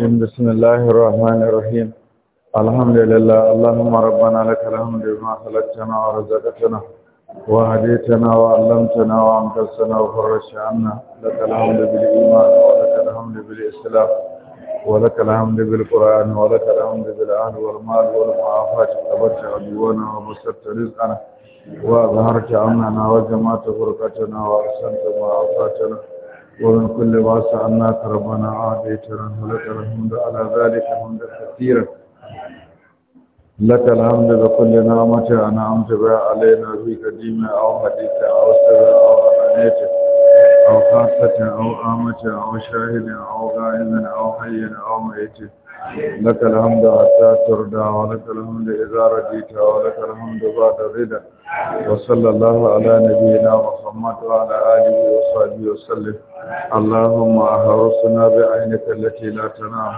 بسم الله الرحمن الرحيم الحمد لله اللهم ربنا لك الحمد بما خلقتنا ورزقتنا وهديتنا وعلمتنا وانقذتنا وفرجت عنا لك الحمد بالايمان ولك الحمد بالاسلام ولك الحمد بالقران ولك الحمد بالاهل والمال والمعافاه كبرت عدونا وبسطت رزقنا واظهرت امننا وجمعت فرقتنا واحسنت معافاتنا ومن كل ما سألناك ربنا عاديتنا ولك الحمد على ذلك حمدا كثيرا لك الحمد بكل نعمة أنعمت بها علينا في قديمة أو حديثة أو سر أو أمانية أو خاصة أو آمة أو شاهد أو غائب أو حي أو ميت لك الحمد حتى ترضى ولك الحمد إذا رضيت ولك الحمد بعد رضا وصلى الله على نبينا محمد وعلى آله وصحبه وسلم اللهم أهرسنا بعينك التي لا تنام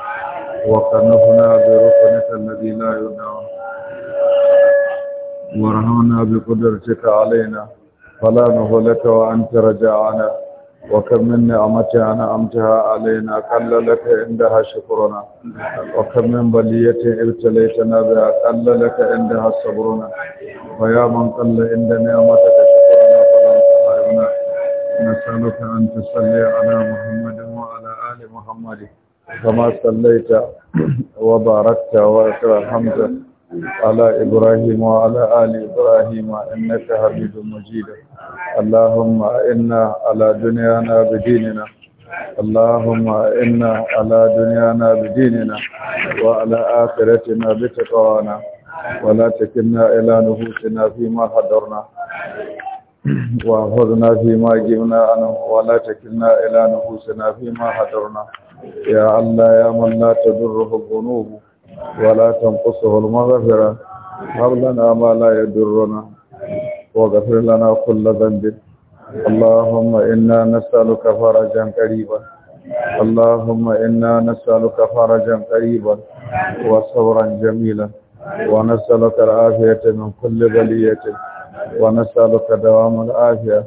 وقنفنا بركنك الذي لا ينام ورحمنا بقدرتك علينا فلا نهلك وأنت رجعنا وكم من نعمة أنعمتها علينا كل لك عندها شكرنا وكم من بلية ابتليتنا بها كل لك عندها صبرنا ويا من قل عند نعمتك شكرنا فلم تحرمنا نسألك أن تصلي على محمد وعلى آل محمد كما صليت وباركت وأكرمت على إبراهيم وعلى آل إبراهيم إنك حميد مجيد اللهم إنا على دنيانا بديننا اللهم إنا على دنيانا بديننا وعلى آخرتنا بتقوانا ولا تكلنا إلى نفوسنا فيما حضرنا واحفظنا فيما جبنا عنه ولا تكلنا إلى نفوسنا فيما حضرنا يا الله يا من لا تضره الذنوب ولا تنقصه المغفرة هب لنا ما لا يضرنا واغفر لنا كل ذنب اللهم إنا نسألك فرجا قريبا اللهم إنا نسألك فرجا قريبا وصبرا جميلا ونسألك العافية من كل بلية ونسألك دوام العافية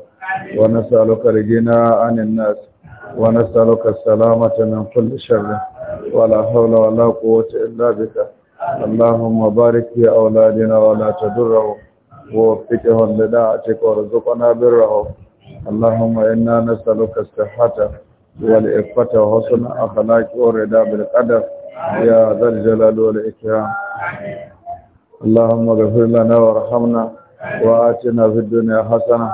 ونسألك الغنى عن الناس ونسألك السلامة من كل شر ولا حول ولا قوة إلا بك اللهم بارك في أولادنا ولا تدره ووفقهم لداعتك وارزقنا بره اللهم إنا نسألك الصحة والإفة وحسن أخلاق ورضا بالقدر يا ذا الجلال والإكرام اللهم اغفر لنا وارحمنا وآتنا في الدنيا حسنة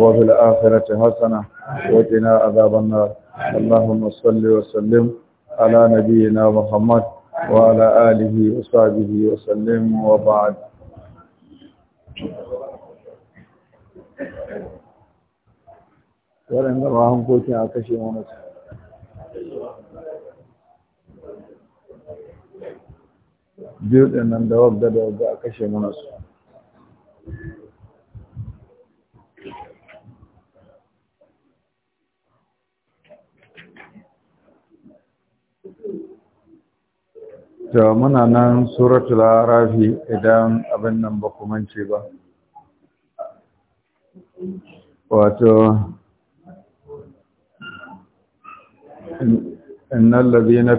وفي الآخرة حسنة وقنا عذاب النار اللهم صل وسلم على نبينا محمد وعلى آله وصحبه وسلم وبعد waɗanda ba hankokin a kashe wani biyu ɗin nan da wagga Da muna nan suratul arafi idan abin nan ba mance ba wato na ladina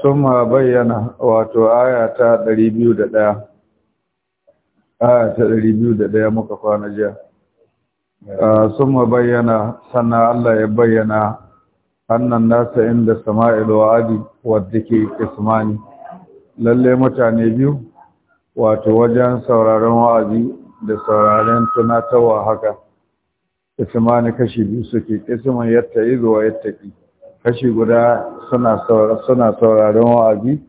sun ma bayyana wato ayata 201 aya ta ɗari biyu da ɗaya muka kwana jiya sun ma bayyana sannan Allah ya bayyana annan nasa inda sama'il wa'adi wadda ke ismani lalle mutane biyu wato wajen sauraron wa'azi da sauraren tunatarwa haka ismani kashi biyu suke kisman yadda izo wa yadda ki kashi guda suna sauraron wa'azi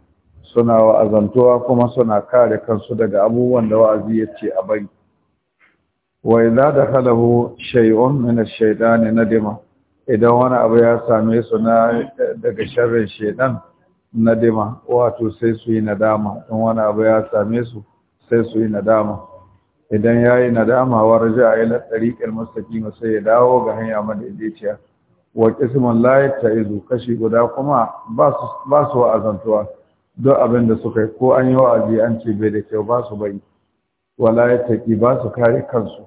suna wa'azantuwa kuma suna kare kansu daga abubuwan da wa'azi ya ce a za wa da dakhalahu shay'un min ash-shaytani nadima idan wani abu ya same su na daga sharrin shaytan nadima wato sai su yi nadama in wani abu ya same su sai su yi nadama idan yayi nadama wa raja'a ila tariqil mustaqim sai ya dawo ga hanya madaidaiciya wa qismun la yataizu kashi guda kuma ba su ba su wa'azantuwa duk abin da suka yi ko an yi wa'azi an ce bai da kyau ba su bai wala ya taƙi ba su kare kansu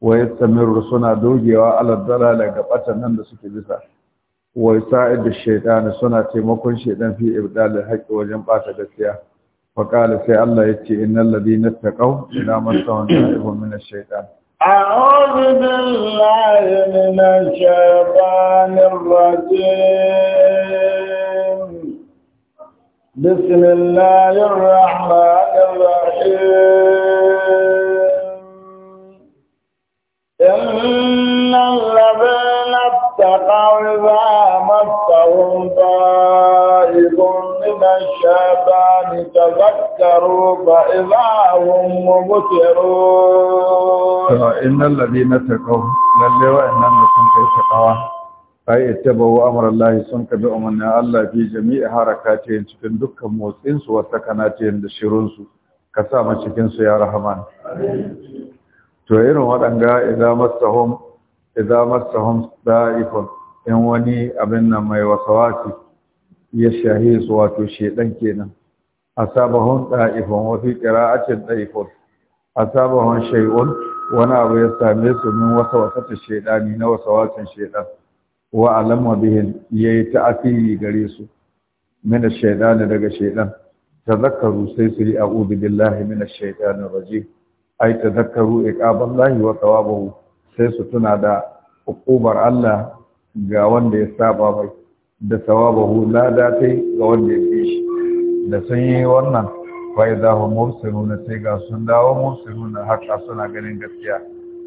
wa ya samiru suna dogewa alar dalala ga ɓatan nan da suke bisa wa sa'id da shaidani suna taimakon shaidan fi ibdali haƙƙi wajen ɓata gaskiya fa sai Allah ya ce innal ladina taqaw ila na ta'ibun min ash-shaytan a'udhu billahi بسم الله الرحمن الرحيم إن الذين اتقوا إذا مسهم طائف من الشيطان تذكروا فإذا هم مبصرون إن الذين اتقوا للي وإن لم يكن في ai ittabahu Allah sun kabi umarnin Allah fi jami'i harakatihin cikin dukkan motsin su wata kanatihin da shirun su ka sa mu cikin su ya rahman to irin waɗanga idan masahum idan masahum da'ifun in wani abin nan mai wasawasi ya shahi su wato shedan kenan asabahun da'ifun wa fi qira'atin da'ifun asabahun shay'un wani abu ya same su min wasawasatin shedani na wasawasin shedan wa alamma bihin yayi ta'afiri gare su mina ash daga shaidan. Ta zakaru sai su yi a'udhu billahi min ash-shaytanir rajim ai tazakkaru lahi wa thawabahu sai su tuna da hukumar Allah ga wanda ya saba mai da thawabahu lada ga wanda ya bi shi da sun yi wannan za idza hum mubsiruna sai ga sun dawo na haka suna ganin gaskiya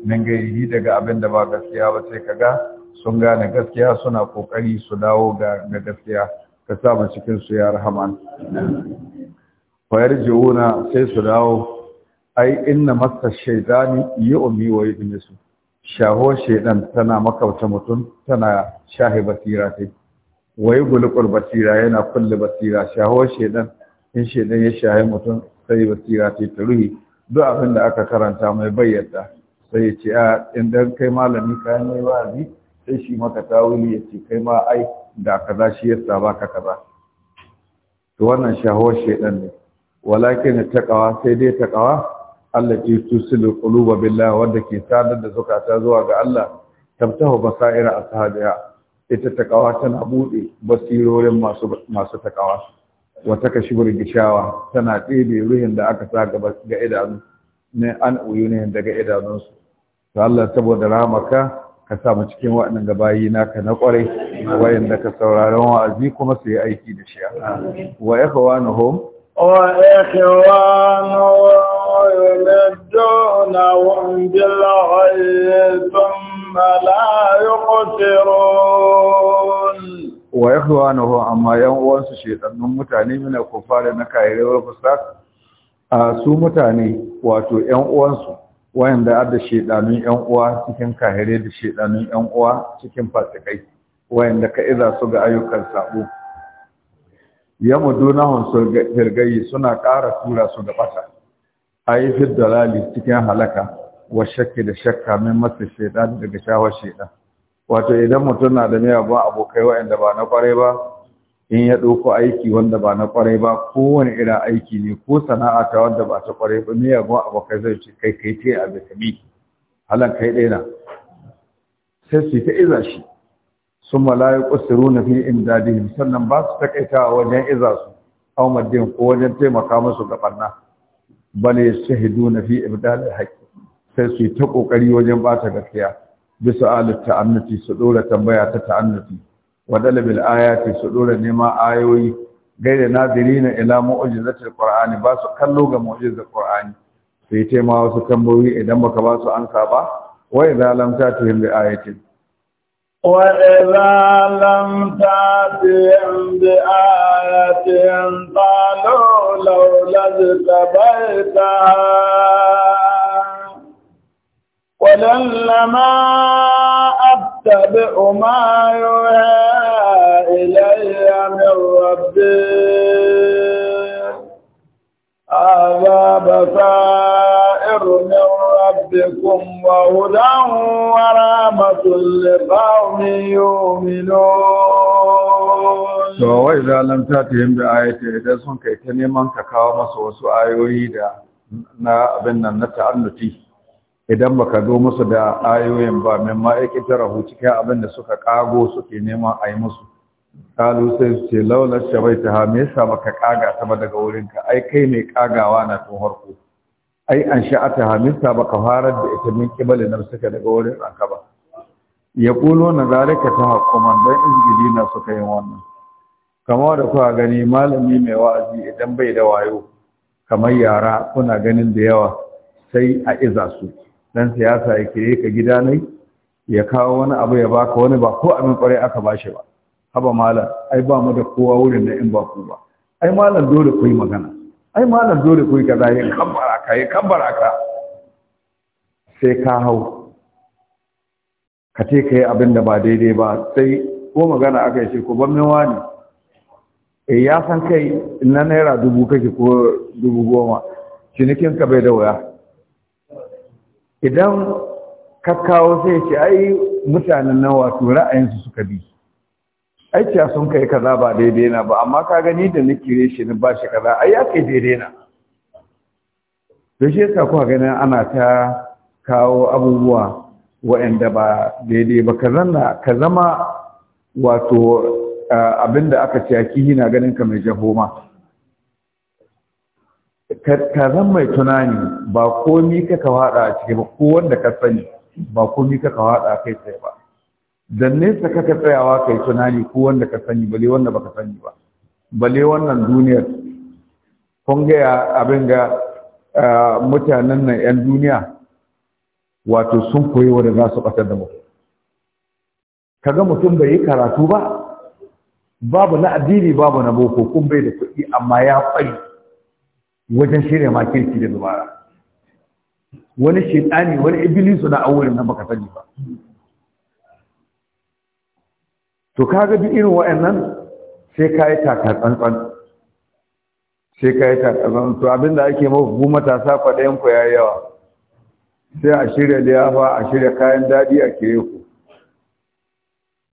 nan yi daga abin da ba gaskiya ba sai ka ga. sun gane gaskiya suna ƙoƙari su dawo ga gaskiya ka sa mu cikin su ya rahman fa yarjuuna sai su dawo ai inna masa shaidani yi wa yudnisu shaho shaiɗan tana makauta mutum tana shahi basira sai wai gulukul basira yana kulle basira shaho shaiɗan, in shaiɗan ya shahi mutum sai basira ce ta ruhi duk abin da aka karanta mai bayyana sai ya ce a in kai malami kayan mai wa'azi sai shi maka tawili ya ce kai ma ai da kaza shi yasa ka kaza to wannan shahawar shedan ne walakin takawa sai dai taqwa ke tusilu quluba billah wanda ke sadar da zukata zuwa ga Allah tabtahu basaira ashabiya ita taqwa tana bude basirorin masu masu taqwa wata kashibur gishawa tana ɗebe ruhin da aka sa ga idanu ne an uyunin daga idanunsu to Allah saboda ramaka ka sa mu cikin waɗannan gabayi naka na ƙwarai, ƙware wayanda ka sauraron wa'azi kuma su yi aiki da shi wa ya ikhwa na hom wa ya ikhwa na yunadduna wa bil wa ya ikhwa na hom amma yan uwan su shedannun mutane mina ku da na kayyare wa fasak a su mutane wato yan wayanda adda shedanun yan uwa cikin kahire da shedanun yan uwa cikin fasikai wayanda ka iza su ga ayyukan sabo yamudunahum hirgayi suna ƙara tura su ga fata ayi fi dalali cikin halaka wa shakki da shakka min masu shedan daga shawar shedan wato idan mutum na da miyagun abokai wayanda ba na kwarai ba in ya ɗauko aiki wanda ba na ƙwarai ba kowane irin aiki ne ko sana'a ta wanda ba ta ƙwarai ba ne yagon abokai zai ce kai kai ta a zakami halan kai ɗaya na sai su ta iza shi sun malayi ƙusiru na fi dadi sannan ba su takaitawa wajen iza su au ko wajen taimaka musu ga ɓarna bale shahidu na fi imdadil haƙƙi sai su ta ƙoƙari wajen bata ta gaskiya bisa alit ta'annati su ɗora tambaya ta ta'annati ودلب الآيات سؤول نما آيوي غير ناظرين إلى معجزة القرآن باسو كلوغ معجزة القرآن في تيما وسكمبوي إدم وكباسو أنصابا وإذا لم تأتهم بآيات وإذا لم تأتهم بآيات قالوا لو لذتبيتها ولن لما أتبع ما يهيب من ربي هذا بصائر من ربكم وهدى ورحمة لقوم يؤمنون to wai da lam ta tiyin bi ayati idan sun kai ta neman ka kawo masa wasu ayoyi da na abin nan na ta'annuti idan baka zo musu da ayoyin ba min ma yake tarahu cikin abin da suka kago suke neman ayi musu kalu sai su ce laula bai ta hame ya baka kaga ta ba daga wurinka ai kai mai ƙagawa na tun harko ai an sha'ata ha ya baka fara da ita min kibali na suka daga wurin ranka ba ya kulo na zalika ta hakuman in izgidi na suka yin wannan kamar da kuka gani malami mai wa'azi idan bai da wayo kamar yara kuna ganin da yawa sai a iza su dan siyasa ya kire ka gida gidanai ya kawo wani abu ya baka wani ba ko abin kwarai aka ba shi ba haba malam ai ba mu da kowa wurin da in ba ku ba ai malam dole ku yi magana ai malam dole ku yi kaza yin kambara. ka yi kambara ka sai ka hau ka ce ka yi abin da ba daidai ba sai ko magana aka yi ce ko ban mewa wani eh ya san kai na naira dubu kake ko dubu goma cinikin ka bai da waya idan ka kawo sai ce ai mutanen nan wato ra'ayinsu suka bi aiki sun kai kaza ba daidai na ba amma ka gani da nikire shi ni ba shi kaza ai ya kai daidai na da shi yasa kuka ganin ana ta kawo abubuwa waɗanda ba daidai ba ka zanna ka zama wato abinda aka ci kihi na ganin ka mai jahoma ka zan mai tunani ba komi ka ka wada a cikin ba ko wanda ka sani ba komi ka ka wada kai sai ba da nesa kaka tsayawa kai tunani ko wanda ka sani bale wanda baka sani ba bale wannan duniyar kun ga abin ga mutanen nan yan duniya wato sun koyi wanda za su batar da mutum kaga mutum bai yi karatu ba babu na addini babu na boko kun bai da kuɗi amma ya kwari wajen shirya makirci da dubara wani shaitani wani ibilisu na aure na baka sani ba to kaga duk irin wa'annan sai ka yi taka tsantsan sai ka yi taka tsantsan to abinda ake mafi bu matasa kwaɗayan ku ya yawa sai a shirya liyafa a shirya kayan daɗi a kere ku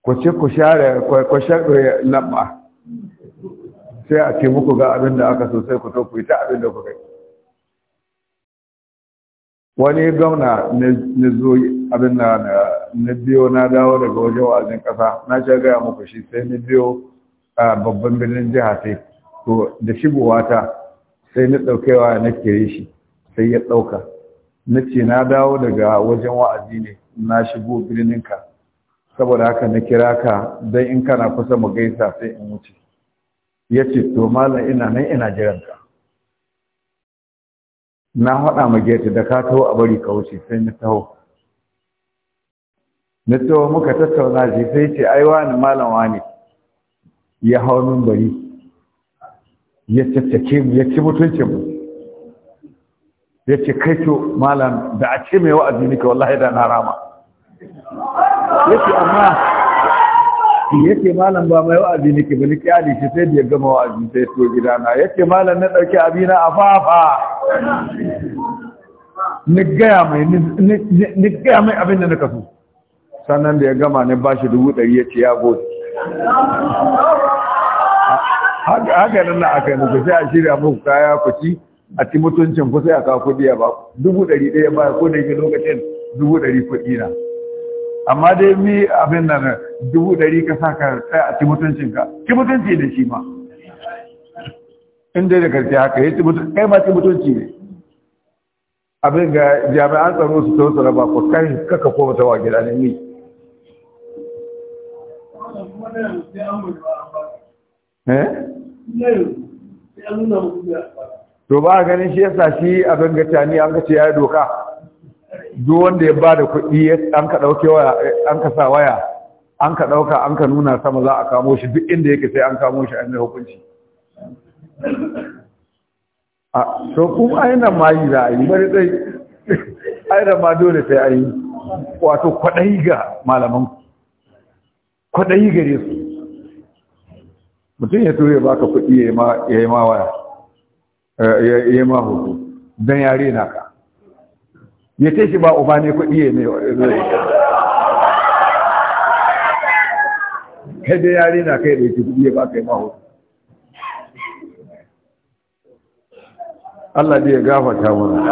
ku ce ku share ku share lamba sai a ce muku ga abin da aka so sai ku to ku yi ta abin da ku kai wani gwamna na zo abin da na biyo na dawo daga wajen wa'azin kasa na ce gaya muku shi sai na biyo a babban birnin jiha sai to da shigowa ta sai na ɗaukewa na kere shi sai ya ɗauka na ce na dawo daga wajen wa'azi ne na shigo ka, saboda haka na kira ka don in kana kusa mu gaisa sai in wuce ya ce to malam ina nan ina ka na haɗa ma gete da ka taho a bari ka wuce sai na taho na muka tattauna shi sai ce ai wani malam wani ya hau min bari ya caccake mu ya ci mutuncin mu ya ce kai to malam da a ce mai wa'azi nika wallahi da na rama ya ce amma ya ce malam ba mai wa'azi nike ba nike ali shi sai da ya gama wa'azi sai to gidana ya ce malam na ɗauki abina a fafa ni gaya mai abin da na kasu sannan da ya gama ne ba shi dubu ɗari ya ce ya gode haka nan na aka muku sai a shirya muku kaya ku ci a ci mutuncin ku sai a kawo kuɗi ya ba dubu ɗari ɗaya ba ko da yake lokacin dubu ɗari kuɗi na amma dai mi abin nan dubu ɗari ka sa ka tsaya a ci mutuncin ka ci mutunci da shi ma in dai da karshe haka ya ci mutunci kai ma ci mutunci ne abin ga jami'an tsaro su tausara ba ku kai kaka ko ta wa gida ne mi Eh? to ba a ganin shi yasa shi a gangata ni an kace ya doka duk wanda ya bada kuɗi an ka dauke waya an ka sa waya an ka dauka an ka nuna sama za a kamo shi duk inda yake sai an kamo shi an yi hukunci a to kuma aina ma yi za a yi bari dai aina ma dole sai a yi wato kwaɗayi ga malaman kwaɗayi gare su mutum ya ba baka kuɗi ya yi ma waya ya yi ma hutu don yare na ka ya ce shi ba uba ne kuɗi ya ne kai da yare na ka ya ce kuɗi ya baka yi ma hutu Allah ya gafarta mana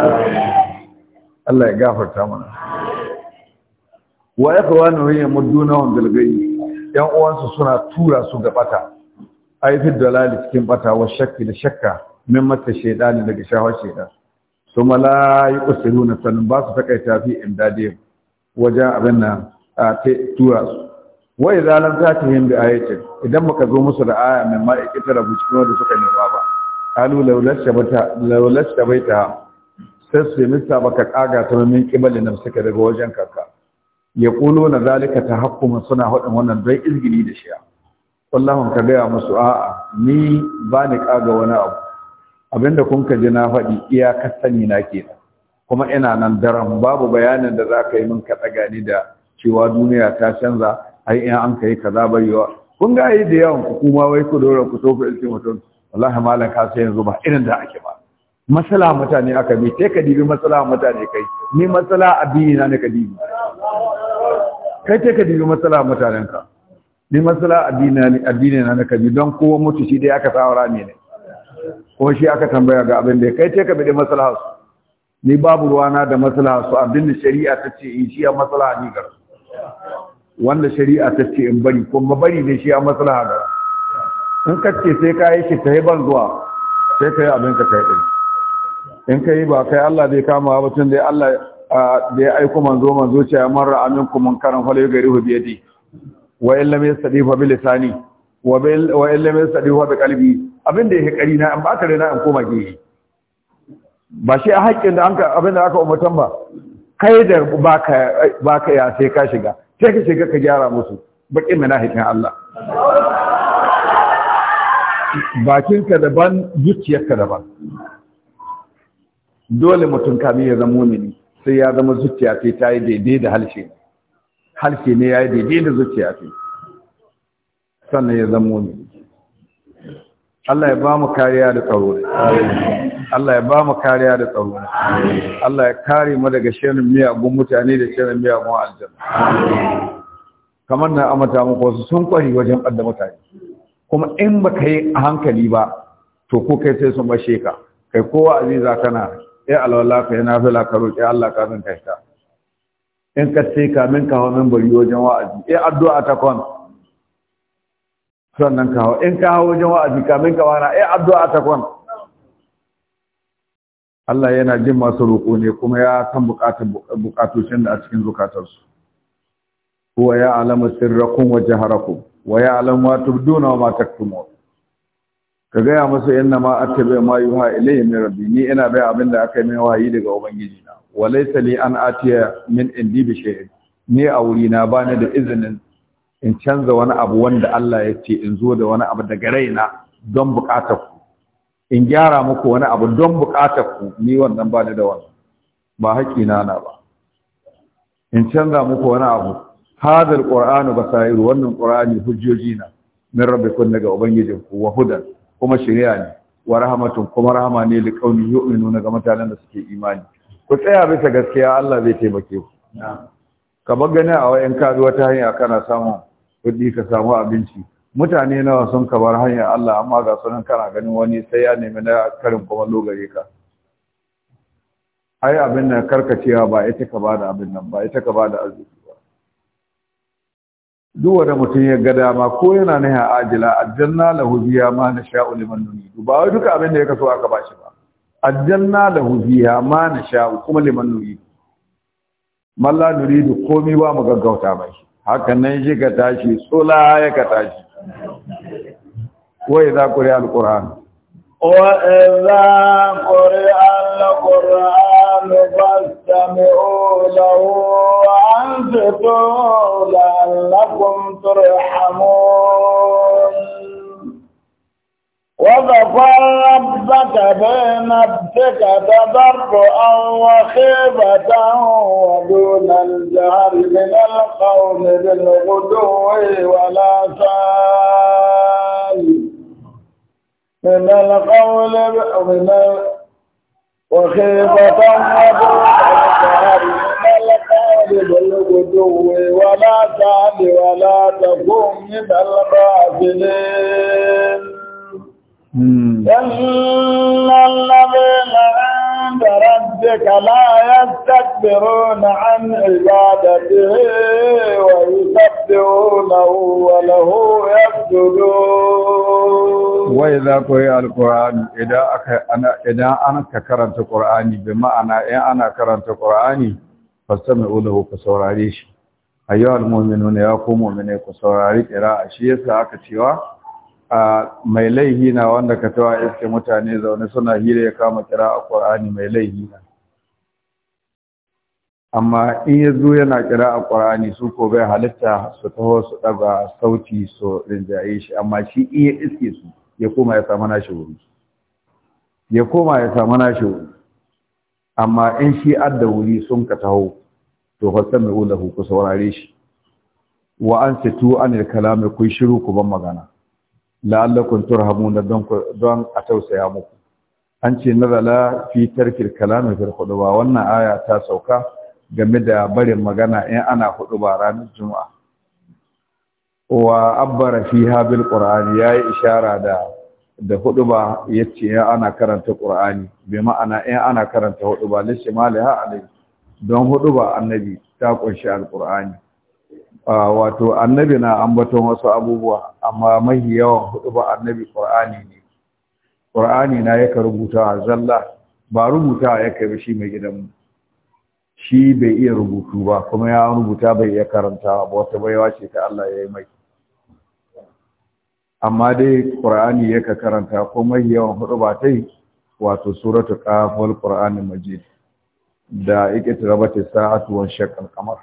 Allah ya gafarta mana wa ya kawo na wani muddu na wani dalgayi yan uwansu suna tura su ga bata aifid dalali cikin bata wa shakki da shakka min mata ne daga shawar to kuma la nuna, sanin ba su tafi in imdadihim wajen abin nan a tura su wa idza lam tatihim bi ayatin idan muka zo musu da aya mai ma ikitara rabu cikin wanda suka nema ba qalu laulas shabata laulas shabaita sai su mista baka kaga ta min kibali nan suka daga wajen kaka ya ƙulo na zalika ta hakkuma suna haɗin wannan don izgili da shiya wallahun ka gaya musu a'a ni ba ni ƙaga wani abu abinda kun ka ji na faɗi iya sani na ke kuma ina nan daren babu bayanin da za ka yi min ka gani ni da cewa duniya ta canza ai in an ka yi kaza barewa kun ga yi da yawan kuma wai ku dora ku so ku mutum wallahi malam ka sai yanzu ba irin da ake ba matsala mutane aka bi sai ka dibi matsala mutane kai ni masala addini na ne ka dibi kai sai ka dibi matsala mutanen ka ni masala addini na addini na ne ka bi don kowa mutu shi dai aka tsawara ne ne ko shi aka tambaya ga abin da kai sai ka bi matsala su ni babu ruwana da matsala su abin da shari'a ta ce in shi ya masala ni gar wanda shari'a ta ce in bari kuma bari ne shi ya masala ga in kace sai ka yi shi ta ban zuwa sai ka yi abin ka ta yi ɗin in kai ba kai Allah zai kama ba tun da Allah da ya aiko manzo manzo ce ya marra aminku karan fa ga gari bi yadi wa illa mai sadi fa bil lisani wa bil wa illa mai sadi fa bil qalbi da yake kari na an baka rena an koma gehi ba shi a haƙƙin da anka abinda aka umurtan ba kai da baka baka ya sai ka shiga sai ka shiga ka gyara musu na haƙƙin Allah bakinka daban zuciyarka daban dole mutum kami ya zama mumini sai ya zama zuciya ce ta yi daidai da halshe halshe ne ya yi daidai da zuciya ce sannan ya zama mumini Allah ya ba mu kariya da tsaro Allah ya ba mu kariya da tsaro Allah ya kare mu daga shirin miyagun mutane da shirin miyagun aljanna kamar na amata muku wasu sun kwari wajen ɓadda mutane kuma in ba ka yi a hankali ba to ko kai sai sun bashe ka kai kowa aziza kana ya alwala ya nafila ka roki Allah ka ka kashta in ka ce min ka hawo bari wajen wa'azi eh addu'a ta kon sannan ka hawo in ka hawo wajen wa'azi ka min ka wana eh addu'a ta kon Allah yana jin masu roƙo ne kuma ya san bukatocin da a cikin zukatarsu. Huwa ya alama sirrakum wa jaharakum wa ya alama tubduna wa ma taktumun. ka gaya masa yanna ma attabi ma yuha ilayhi min rabbi ni ina bai abin da aka yi min wahayi daga ubangiji na walaysa li an atiya min indi bi shay'in ni a wuri na bani da izinin in canza wani abu wanda Allah ya ce in zo da wani abu daga raina don bukatar ku in gyara muku wani abu don bukatar ku ni wannan bani da wannan ba haƙi na na ba in canza muku wani abu hadal qur'anu basairu wannan qur'ani hujjoji na min rabbikum daga ubangijinku wa hudan kuma shirya ne wa rahmatun kuma rahama ne da kauni nuna ga mutanen da suke imani ku tsaya bisa gaskiya Allah zai taimake ku ka bar gani a wayan ka wata hanya kana samun kuɗi ka samu abinci mutane nawa sun ka bar hanya Allah amma ga sunan kana ganin wani sai ya nemi na karin kuma logare ka ai abin nan karkacewa ba ita ka bada abin nan ba ita ka bada arziki duk wanda mutum ya ga dama ko yana a ajila aljanna da huziya ma na nasha'u liman nuridu ba wai duka abin da ya kaso aka bashi ba aljanna da huziya ma na sha'u kuma liman nuridu malla la nuridu komi ba mu gaggauta mai hakan nan shi ka tashi tsula ya ka tashi za ku ri alƙur'ani وإذا قرئ القرآن فاستمعوا له وأنصتوا لعلكم ترحمون وذكر ربك بنفسك تضرعا وخيبة ودون الجهر من الْقَوْمِ بالغدو ولا سال من القول من وخيفة وبالقهر من القول بالغدو ولا تعد ولا تكن من الغافلين إن الذين عند ربك لا يستكبرون عن عبادته ويسبحون يسبحونه وله يسجدون وإذا قرئ القرآن إذا أنا كرنت القرآن بمعنى إن أنا كرنت القرآن فاستمعوا له كسوراري shi ya ku saurari shi yasa aka cewa mai laihi na wanda ka tawa iske mutane zaune suna hira ya kama a Qur'ani mai laihi na amma in ya zo yana kira a ƙwarani su ko bai halitta su taho su ɗaga sauti su rinjaye shi amma shi in ya iske su ya koma ya samu nashi wuri ya koma ya samu nashi wuri amma in shi adda wuri sun ka taho to fasan mai wula ku saurare shi wa an situ yi kalami kun shiru ku ban magana la'allakum turhamuna don don a tausaya muku an ce nazala fi tarkil kalami fil khudwa wannan aya ta sauka game da barin magana in ana hudu ba ranar juma'a wa abbara fiha bil qur'ani yi ishara da da hudu ba yace in ana karanta qur'ani Bai ma'ana in ana karanta hudu ba lishimaliha alayhi don hudu ba annabi ta kunshi alqur'ani wato annabi na ambaton wasu abubuwa amma mahi yawan hudu ba annabi qur'ani ne qur'ani na yaka rubuta zalla ba rubuta yaka shi mai gidanmu shi bai iya rubutu ba kuma ya rubuta bai iya karanta ba wata baiwa ce ta Allah ya yi mai amma dai ƙur'ani ya ka karanta ko mai yawan hudu ba ta yi wato suratu ƙafar ƙur'anin majid da ike tarabata sa'atu wan shaqqal kamar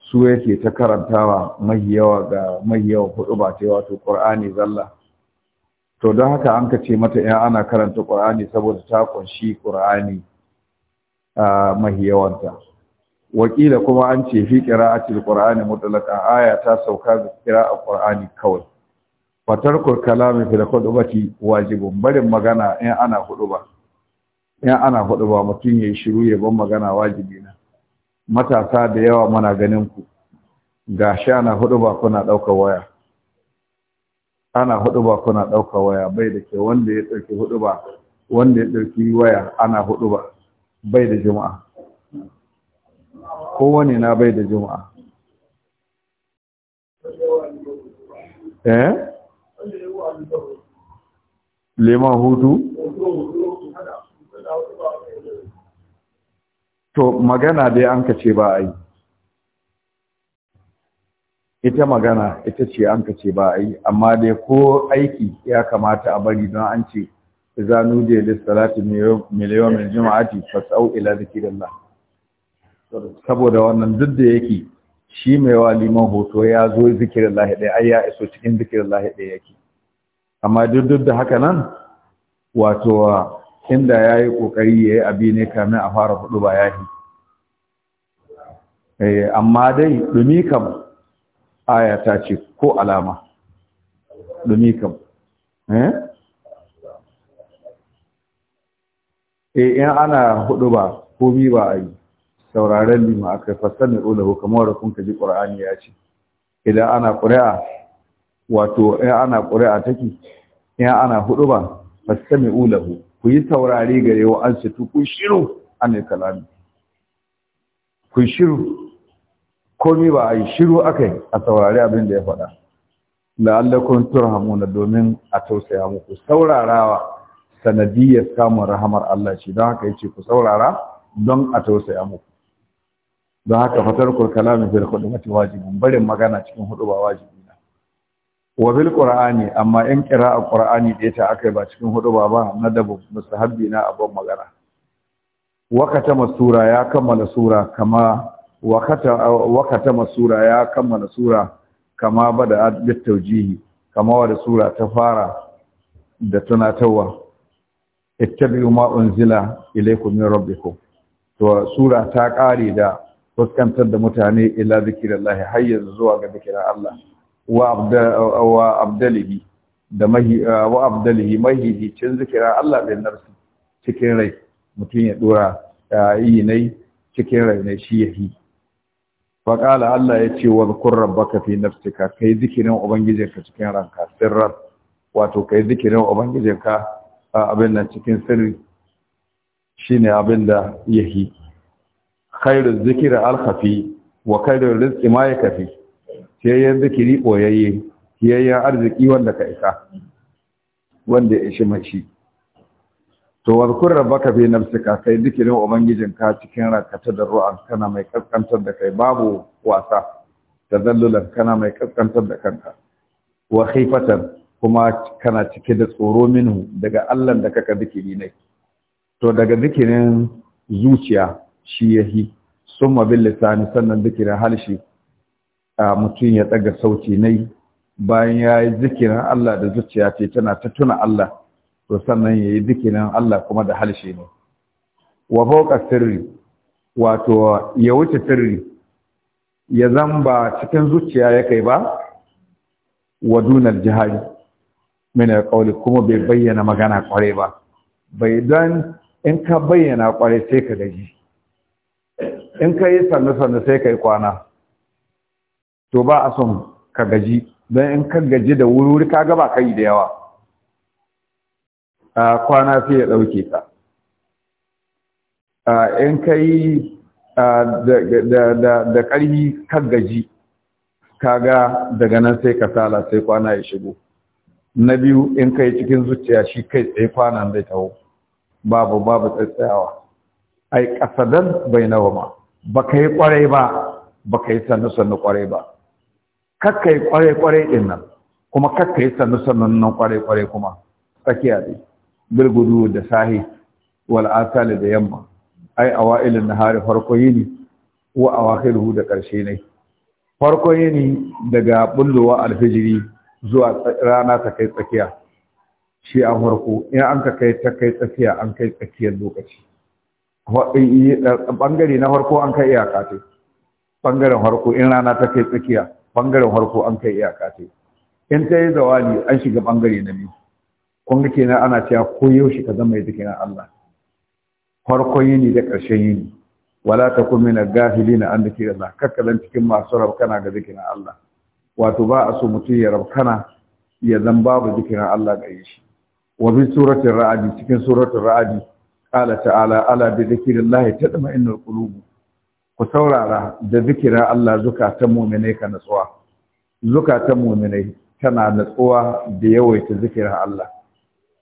su yake ta karantawa mai yawa ga mai yawan hudu ba ta yi wato ƙur'ani zalla to don haka an ka ce mata ya ana karanta ƙur'ani saboda ta ƙunshi ƙur'ani mahi yawanta wakila kuma an ce fi qira'atil qur'ani mutlaqa aya ta sauka ga a qur'ani kawai fatarkul kalami fil khutbati wajibun barin magana in ana huduba. in ana khutba mutun yayi shiru ya ban magana wajibi na matasa da yawa muna ganin ku ga sha na khutba kuna daukar waya ana huduba kuna ɗauka waya bai da ke wanda ya ɗauki huduba wanda ya ɗauki waya ana huduba bai da juma'a kowane na bai da juma'a eh leman hutu to magana dai an ka ce ba a yi ita magana ita ce an ka ce ba a yi amma dai ko aiki ya kamata a bari don an ce idza nudiya lis salati min yawmil jum'ati fas'au ila zikrillah saboda wannan duk da yake shi mai yawa liman hoto ya zo zikirin lahi ɗaya ai ya iso cikin zikirin lahi ɗaya yake amma duk da haka nan wato inda ya yi ƙoƙari ya yi abi ne kamin a fara huɗu, ba ya yi amma dai ɗumi kam aya ce ko alama ɗumi kam eh in ana hudu ba komi ba a yi sauraren lima aka fassani ko kamar da kun ji qur'ani ya ce idan ana qur'a wato in ana qur'a take in ana hudu ba fassani ulahu ku yi taurari gare wa an situ ku shiru an kalami ku shiru komi ba a yi shiru akai a saurari abin da ya faɗa la'allakum turhamuna domin a tausaya muku saurarawa sanadiyar samun rahamar Allah shi. don haka yace ku saurara don a tausaya muku don haka fatar kul kalami fil khudmati wajibin barin magana cikin hudu ba wajibi na wa fil qur'ani amma in kira a qur'ani da ta akai ba cikin hudu ba ba na dabu musahabbi na abun magana wakata masura ya kammala sura kama wakata wakata masura ya kammala sura kama bada da tawjihi kama wa da sura ta fara da tunatarwa ittabi'u ma unzila ilaykum min rabbikum to sura ta kare da fuskantar da mutane ila zikrillahi har yanzu zuwa ga zikirin Allah wa abdalihi da mahi uh, wa abdalihi mahi cin zikirin Allah bin nafsi cikin rai mutum ya dora uh, yi nai cikin rai ne shi yahi fa qala Allah ya ce wa zkur rabbaka fi nafsika kai zikirin ubangijinka cikin ranka sirran wato kai zikirin ubangijinka abin nan cikin sirri shine abin da yahi khairul zikri al-khafi wa khairu rizqi ma yakfi yayin zikiri boyayye yayin arziki wanda ka isa wanda ya ishi mashi to wadkur rabbaka fi nafsika kai zikirin ubangijinka cikin rakata da ru'an kana mai kaskantar da kai babu wasa zallulan kana mai kaskantar da kanka wa khifatan kuma kana cike da tsoro minhu daga Allah da kaka zikiri ne to daga zikirin zuciya shi yahi Sun bil lissani sannan zikirin halshi mutum ya tsaga sauti ne bayan ya yi zikirin Allah da zuciya ce tana ta tuna Allah to sannan ya yi zikirin Allah kuma da halshi ne wa fauka sirri wato ya wuce sirri ya zamba cikin zuciya ya kai ba wa dunar jihari min alqawli kuma bai bayyana magana kware ba bai dan in ka bayyana kware sai ka gaji in ka yi sannu sannu sai ka yi kwana to ba a son ka gaji don in ka gaji da wuri ka gaba ka yi da yawa a kwana sai ya ɗauke ka in ka yi da ƙarfi ka gaji kaga daga nan sai ka sala sai kwana ya shigo na biyu in kai cikin zuciya shi kai tsaye kwanan zai taho babu babu tsaitsayawa ai kasadan bai ma. ba ka yi kwarai ba ba ka yi sannu sannu kwarai ba kakka yi kwarai kwarai din nan kuma kakka yi sannu sannu nan kwarai kwarai kuma tsakiya dai bilgudu da sahi wal asali da yamma ai awailin hari farko yini wa awakhiruhu da karshe ne farko yini daga bullowa alfijiri zuwa rana ta kai tsakiya shi an farko in an ka kai ta kai tsakiya an kai tsakiyar lokaci bangare na farko an kai iyaka ce bangaren farko in rana ta kai tsakiya bangaren farko an kai iyaka ce in ta yi zawali an shiga bangare na biyu kun ga kenan ana cewa ko yaushe ka zama yadda kenan Allah farkon yini da ƙarshen yini wala ta kuma na al na an ke Allah kakkalan cikin masu rabu kana ga zikirin Allah wato ba a so mutum ya rabkana ya zan babu zikirin Allah yi shi Wabi suratun ra'adi cikin suratun ra'adi, ƙala ta'ala ala bi ɗama inar ƙulubu. ku saurara da zikirin Allah zukatan mu'minai ka natsuwa zukatan mu'minai tana natsuwa da yawaita zikirin Allah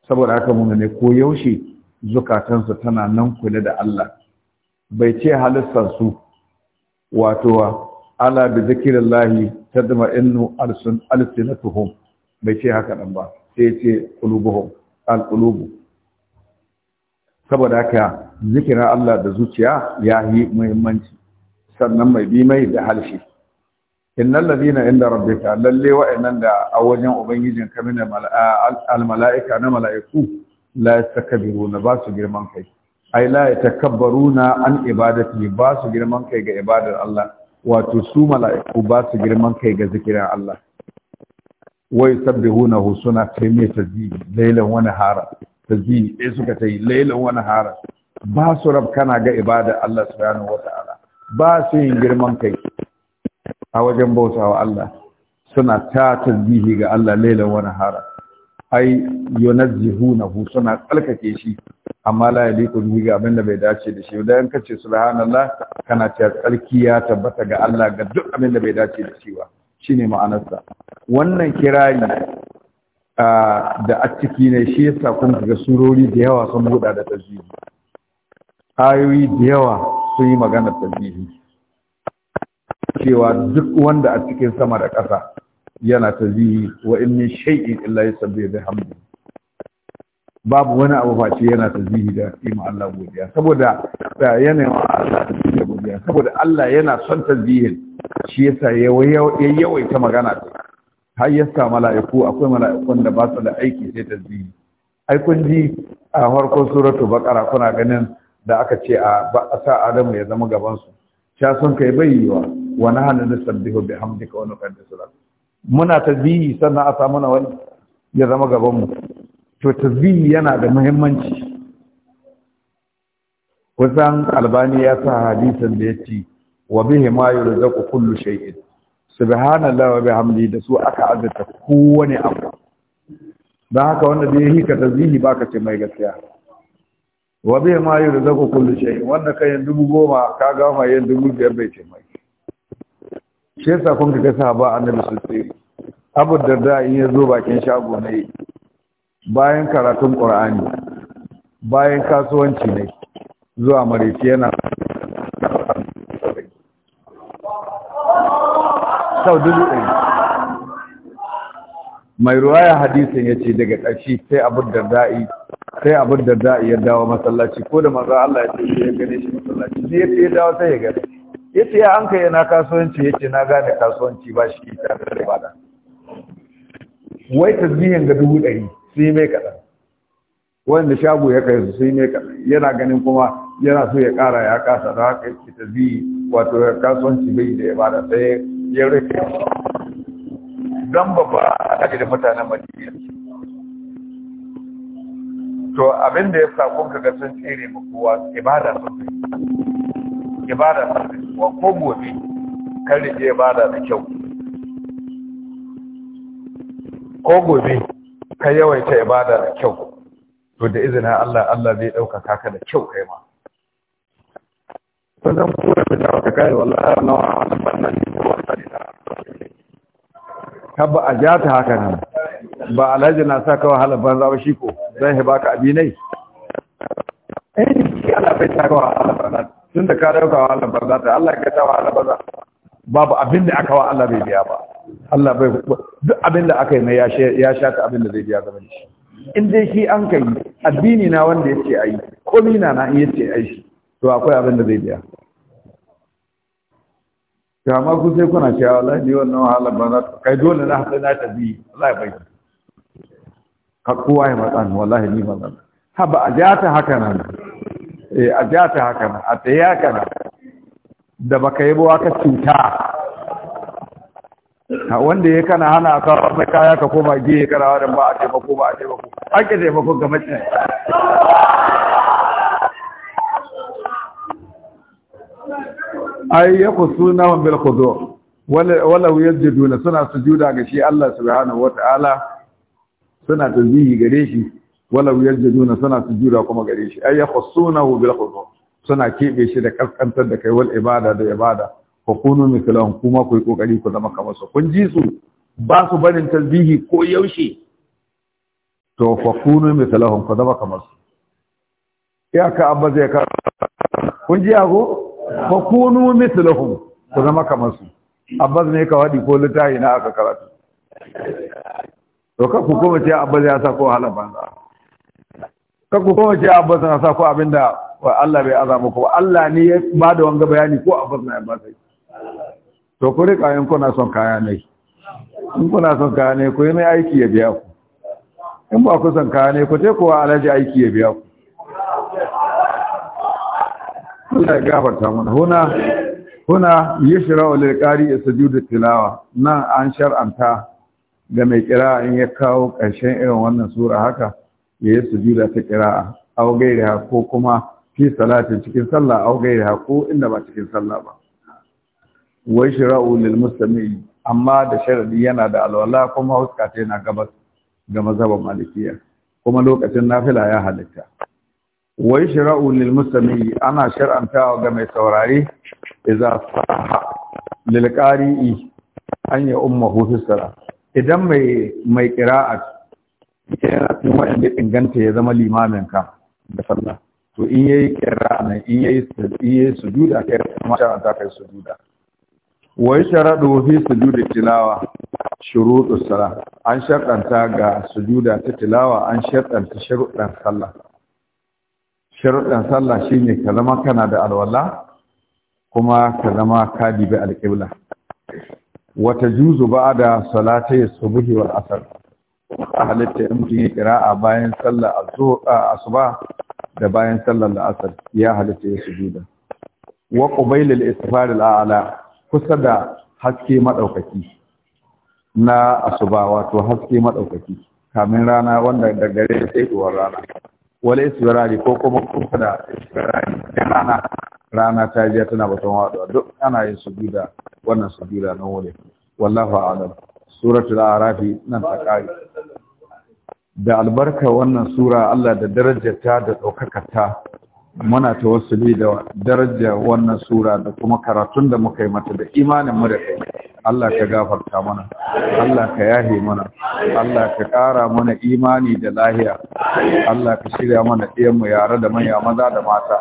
saboda haka mu'minai ko yaushe zukatansu tana nan kula da Allah bai ce halittar su wato ala bi lahi innu arsun alsinatuhum bai ce haka nan ba sai ya ce qulubuhum alqulubu saboda haka zikira Allah da zuciya ya yi muhimmanci sannan mai bi mai da halshi innal ladina inda rabbika lalle innan da a wajen ubangijin ka mina al mala'ika na mala'iku la yastakbiruna ba su girman kai ai la yatakabbaruna an ibadati ba su girman kai ga ibadar Allah wato su mala'iku ba su girman kai ga zikirin Allah wai hu suna kai mai tasbihi lailan wani hara tasbihi dai suka ta yi lailan wani hara ba su rabkana ga ibada Allah wata ala. ba su yin girman kai a wajen bautawa Allah suna ta tasbihi ga Allah lailan wani hara ai hu suna tsalkake shi amma la yaliqu bihi ga abin da bai dace da shi dan kace subhanallah kana ta tsarki ya tabbata ga Allah ga duk abin da bai dace da shi ba shine ma'anarsa wannan kirari da a ciki ne shi yasa kun ga surori da yawa sun buɗa da tasbihi ayoyi da yawa sun yi magana tasbihi cewa duk wanda a cikin sama da ƙasa yana tasbihi wa inni min shay'in illa yusabbihu bihamdihi babu wani abu face yana zihi da ima Allah godiya saboda da yanayin Allah zihi da godiya saboda Allah yana son ta tasbihin shi yasa ya yawaita magana har ya sa mala'iku akwai mala'ikun da ba su da aiki sai ta ai kun ji a farkon suratu baqara kuna ganin da aka ce a sa Adamu ya zama gaban su sha sun kai yi wa nahnu bihamdika wa nuqaddisu lak muna tasbihi sannan a sa mana wani ya zama gaban mu to tasbihi yana da muhimmanci kusan albani ya sa hadisin da ya ce wa bihi ma yurzaqu kullu shay'in subhanallahi wa bihamdi da su aka azurta kowane abu don haka wanda da ya hika ba baka ce mai gaskiya wa bihi ma yurzaqu kullu shay'in wanda kai dubu goma ka ga yin dubu biyar bai ce mai shi yasa kun ga sahaba annabi sallallahu alaihi wasallam abu da in ya zo bakin shago ne bayan karatun ƙur'ani bayan kasuwanci ne zuwa mareci yana sau dubu ɗari mai ruwaya hadisin ya ce daga ƙarshe sai abin da da'i sai abin da da'i ya dawo masallaci ko da maza Allah ya ce shi ya gane shi masallaci ne ya ce ya dawo sai ya gane ya ce ya an kai yana kasuwanci ya ce na gane kasuwanci ba shi ita da bada wai tasbihin ga dubu ɗari su yi mai kaɗan wanda shago ya kai su sai yi mai kaɗan yana ganin kuma yana so ya ƙara ya kasa da haka yake ta bi wato ya kasuwanci bai da ya bada sai ya rufe. don ba a da mutanen madina to abin da ya sa kun ga sun tsere ma kowa ibada sun kai ibada sun kai wa ko gobe kan rike ibada da kyau ko gobe ka yawaita ibada da kyau to da izinin Allah Allah zai ɗaukaka ka da kyau kai ma to zan kura da ta ka kai wallahi na wannan bannan ne ko wannan ne kabba a ja ta haka nan ba alhaji na sa ka wahala banza ba shi ko zan ka baka abinai eh ki Allah bai ta ka wahala banza da ka dauka wahala banza ta Allah ka ta wahala banza babu abin da aka wa Allah bai biya ba Allah bai duk abin da aka yi mai ya sha ta abin da zai biya zama shi in dai shi an kai addini na wanda ce a yi, komi na na yace yi shi to akwai abin da zai biya to amma ku sai kuna cewa wallahi ni wannan wahala ba za kai dole na hasa na tabi Allah bai ka kowa ya matsan wallahi ni ba zan ha ba a ta haka nan eh a ta haka nan a tayaka nan da baka yi ba ka cuta wanda ya kana hana a kawo mai kaya ka koma giye kana da ba a taimako ba a taimako an ke taimako ga mace ai ya ku suna bil khudu wala yajiduna suna sujuda ga shi Allah subhanahu wataala suna tasbihi gare shi wala yajiduna suna sujuda kuma gare shi ai ya khusuna bil khudu suna kebe shi da kaskantar da kai wal ibada da ibada fa mai mislahum kuma ku yi kokari ku zama kamar su kun ji su ba su barin tasbihi ko yaushe to fa mai mislahum ku zama kamar su ya ka abba zai ka kun ji ko fa mai mislahum ku zama kamar su abba ne ka wadi ko litahi na aka karatu to ka ku kuma ce abba zai sa ko halaban ka ku kuma ce abba zai sa ko abinda Allah bai azama ko Allah ne ya bada wanga bayani ko abba zai ba sai to ku rika in kuna son kaya ne in kuna son kaya ne ku yi mai aiki ya biya ku in ba ku son kaya ne ku te kuwa alaji aiki ya biya ku Allah ya gafarta mana huna huna yashra'u lil qari'i sujudu tilawa nan an shar'anta ga mai kira in ya kawo ƙarshen irin wannan sura haka ya yi sujuda ta kira a gairiha ko kuma fi salatin cikin sallah au gairiha ko inda ba cikin sallah ba wai shira'u lil musulmi amma da sharadi yana da alwala kuma huska ta yana gabas ga mazhabin malikiya kuma lokacin nafila ya halitta wai shira'u lil musulmi ana shar'anta ga mai saurare idza saha lil qari'i an ya umma fi sala idan mai mai qira'a yana kuma wanda inganta ya zama limamin ka da sallah to in yayi qira'a in yayi in sujuda kai kuma ta kai sujuda wai sharaɗu fi sujudu tilawa shuruɗu sala an sharɗanta ga sujuda ta tilawa an sharɗanta sharuɗan sallah sharuɗan sallah shine ka zama kana da alwala kuma ka zama ka dibi alƙibla wata juzu ba da salatai subuhi wal asar halitta in mutum ya kira'a bayan sallah asuba da bayan sallar la'asar ya halitta ya sujuda wa qubayl al-istifar al-a'la kusa da haske maɗaukaki na asuba wato haske maɗaukaki kamin rana wanda da gare sai duwar rana Wale isbirari ko kuma kusa da isbirari rana rana ta jiya tana batun waɗuwa duk ana yin sujuda wannan su sujuda na wuri wallahu a'lam suratul arafi nan ta kare da albarka wannan sura Allah da darajarta da ɗaukakarta muna ta wasuli da daraja wannan sura da kuma karatun da muka yi mata da imanin mu da kai Allah ka gafarta mana Allah ka yahe mana Allah ka ƙara mana imani da lahiya Allah ka shirya mana ɗiyan mu yare da manya maza da mata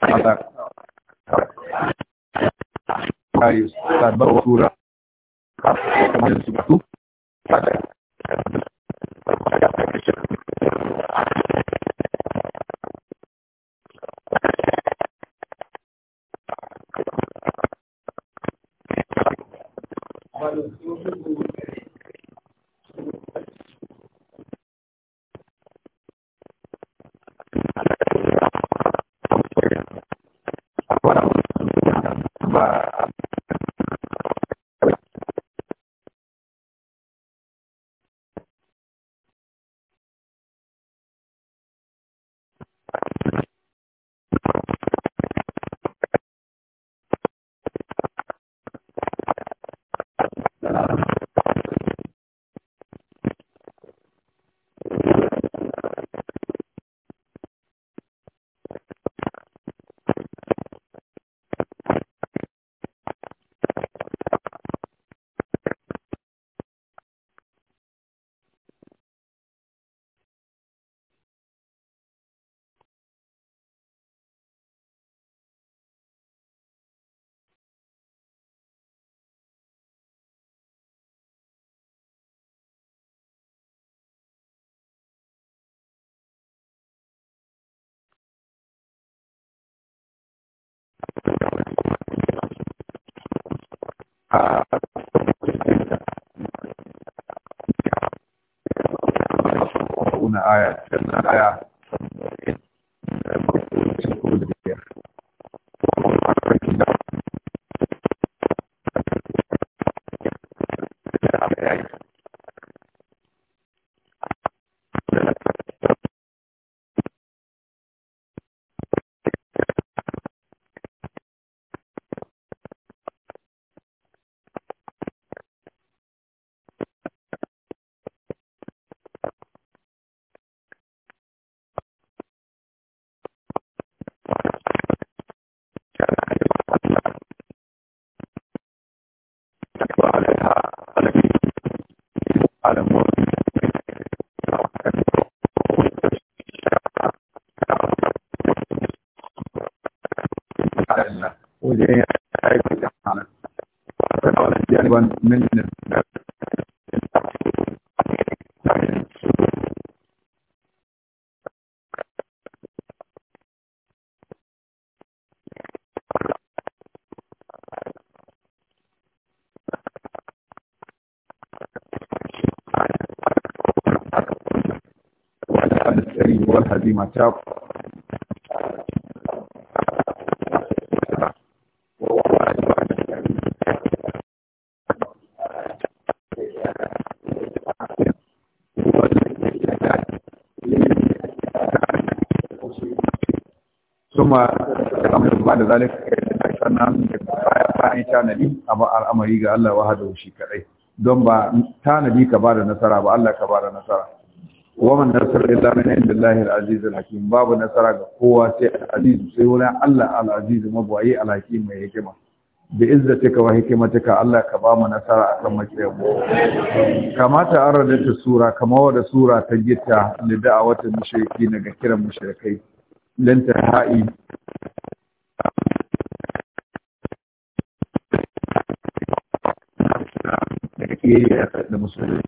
Allah ka yi sura ka aya can aya mata kuma al'amarin ba da zalika sannan bayan tanadi a al'amari ga Allah wahada shi kadai don ba tanadi ka ba da nasara ba Allah ka wa man nasara illa min indillahi al-aziz al-hakim babu nasara ga kowa sai al-aziz sai wurin Allah al-aziz mabwayi al-hakim mai hikima bi izzatika wa hikmatika Allah ka ba mu nasara akan makiyan mu kamata an radata sura kama wada sura ta gita gitta da da'awatul mushriki daga kiran mushrikai lan ta ha'i da musulmi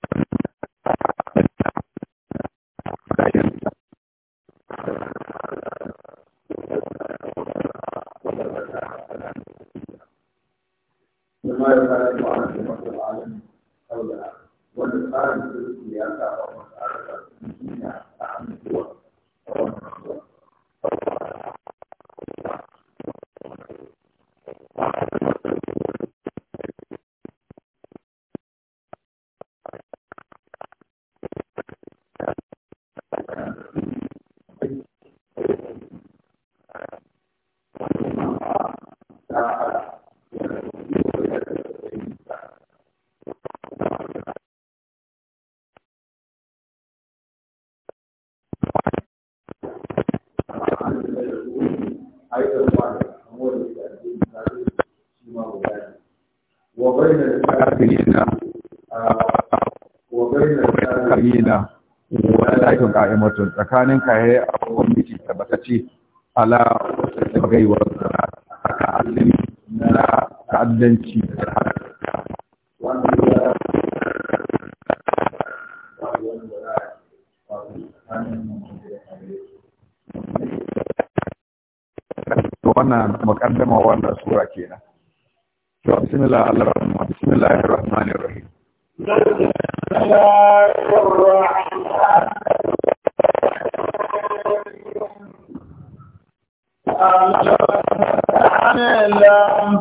mutum tsakanin kayayyar eh, a kwamiti tabbatacce ala wasu gaiwa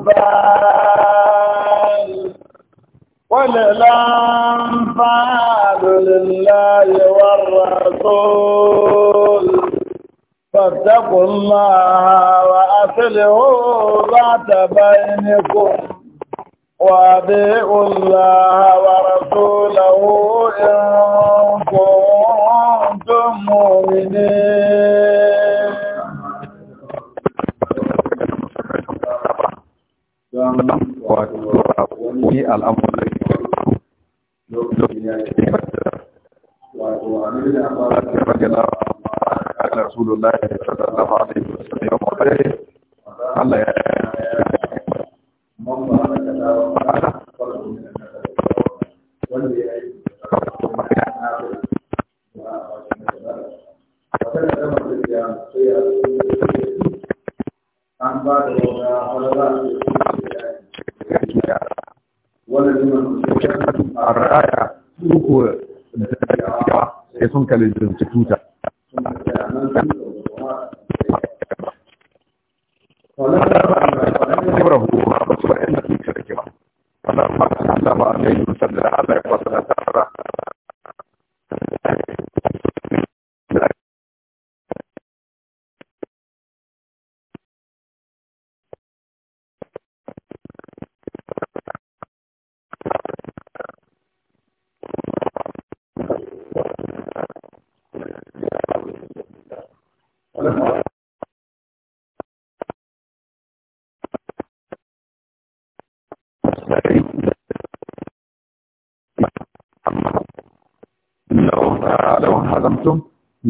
الأنفال وللأنفال لله والرسول فاتقوا الله وأصلحوا ذات بينكم وأطيعوا الله ورسوله إن كنتم مؤمنين wato wani al'amari lokacin da a Allah ya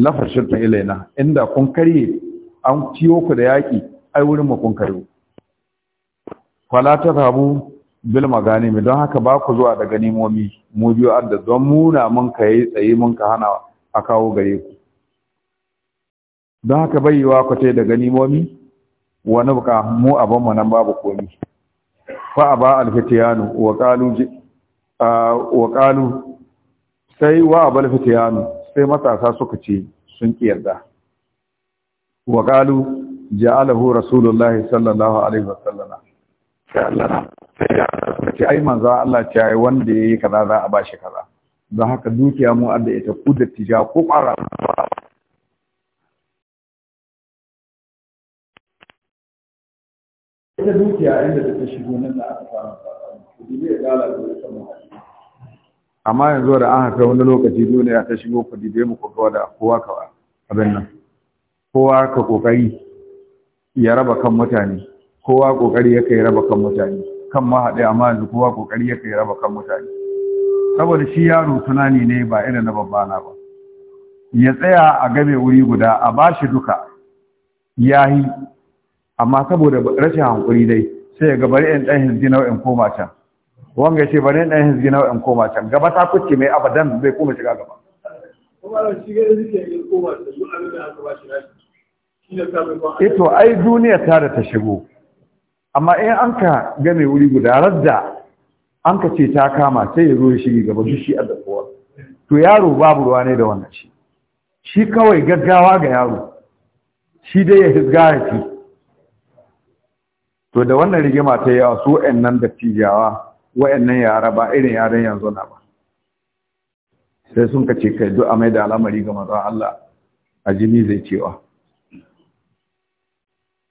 la fashirta ilaina inda kun karye an ciyo ku da yaki ai wurin mu kun karyo fala rabu, bil maganimi don haka ba ku zuwa da ganimomi mu biyo adda don muna mun kai tsaye mun ka hana a kawo gare ku don haka bayyawa ku tai da ganimomi wani buka mu abin mu nan babu komi fa aba alfitiyanu wa qalu wa qalu sai wa abal fitiyanu sai matasa suka ce sun ki yarda wa qalu ja'alahu rasulullahi sallallahu alaihi sallama. sai Allah ce ai manzo Allah ce ai wanda yayi kaza za a bashi kaza don haka dukiya mu da ita kudda tija ko ƙara ita dukiya inda take shigo nan da aka fara kudi bai gala da sama amma yanzu da an haka wani lokaci dole ya ta shigo kudi dide mu kowa da kowa ka abin nan kowa ka kokari ya raba kan mutane kowa kokari ya kai raba kan mutane kan ma haɗe amma yanzu kowa kokari ya kai raba kan mutane saboda shi yaro tunani ne ba irin na babbana ba ya tsaya a game wuri guda a bashi duka yahi amma saboda rashin hankuri dai sai ya gabar in ɗan hizgi nau'in koma can wanga ce bane dan yanzu na in koma can gaba ta kuce mai abadan bai koma shiga gaba ito eh ai duniya ta da ta shigo amma in an ka game wuri guda radda an ka ce ta kama sai ya zo ya shige gaba duk shi da kowa to yaro babu ruwa ne da wannan shi shi kawai gaggawa ga yaro shi dai ya hizga ya to da wannan rigima ta yawa su nan dattijawa wayannan yara ba irin yaran yanzu na ba sai sun kace ce kai duk a mai da al'amari ga manzo Allah a jini zai cewa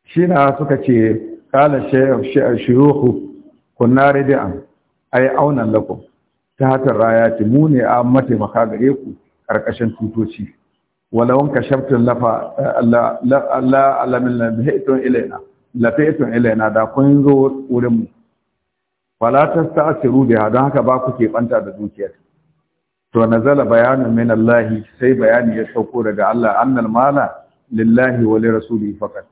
shi suka ce kala shuyuhu kunna ridan ay aunan lakum ta hatar rayati mu ne a mataimaka gare ku karkashin tutoci walawan kashabtun lafa Allah alamin lafaitun ilaina lafaitun ilaina da kun zo wurin mu fala tasta'siru biha don haka ba ku ke banta da dukiyar to nazala bayanun min Allah sai bayani ya sauko daga Allah annal mala lillahi wa lirasulihi faqat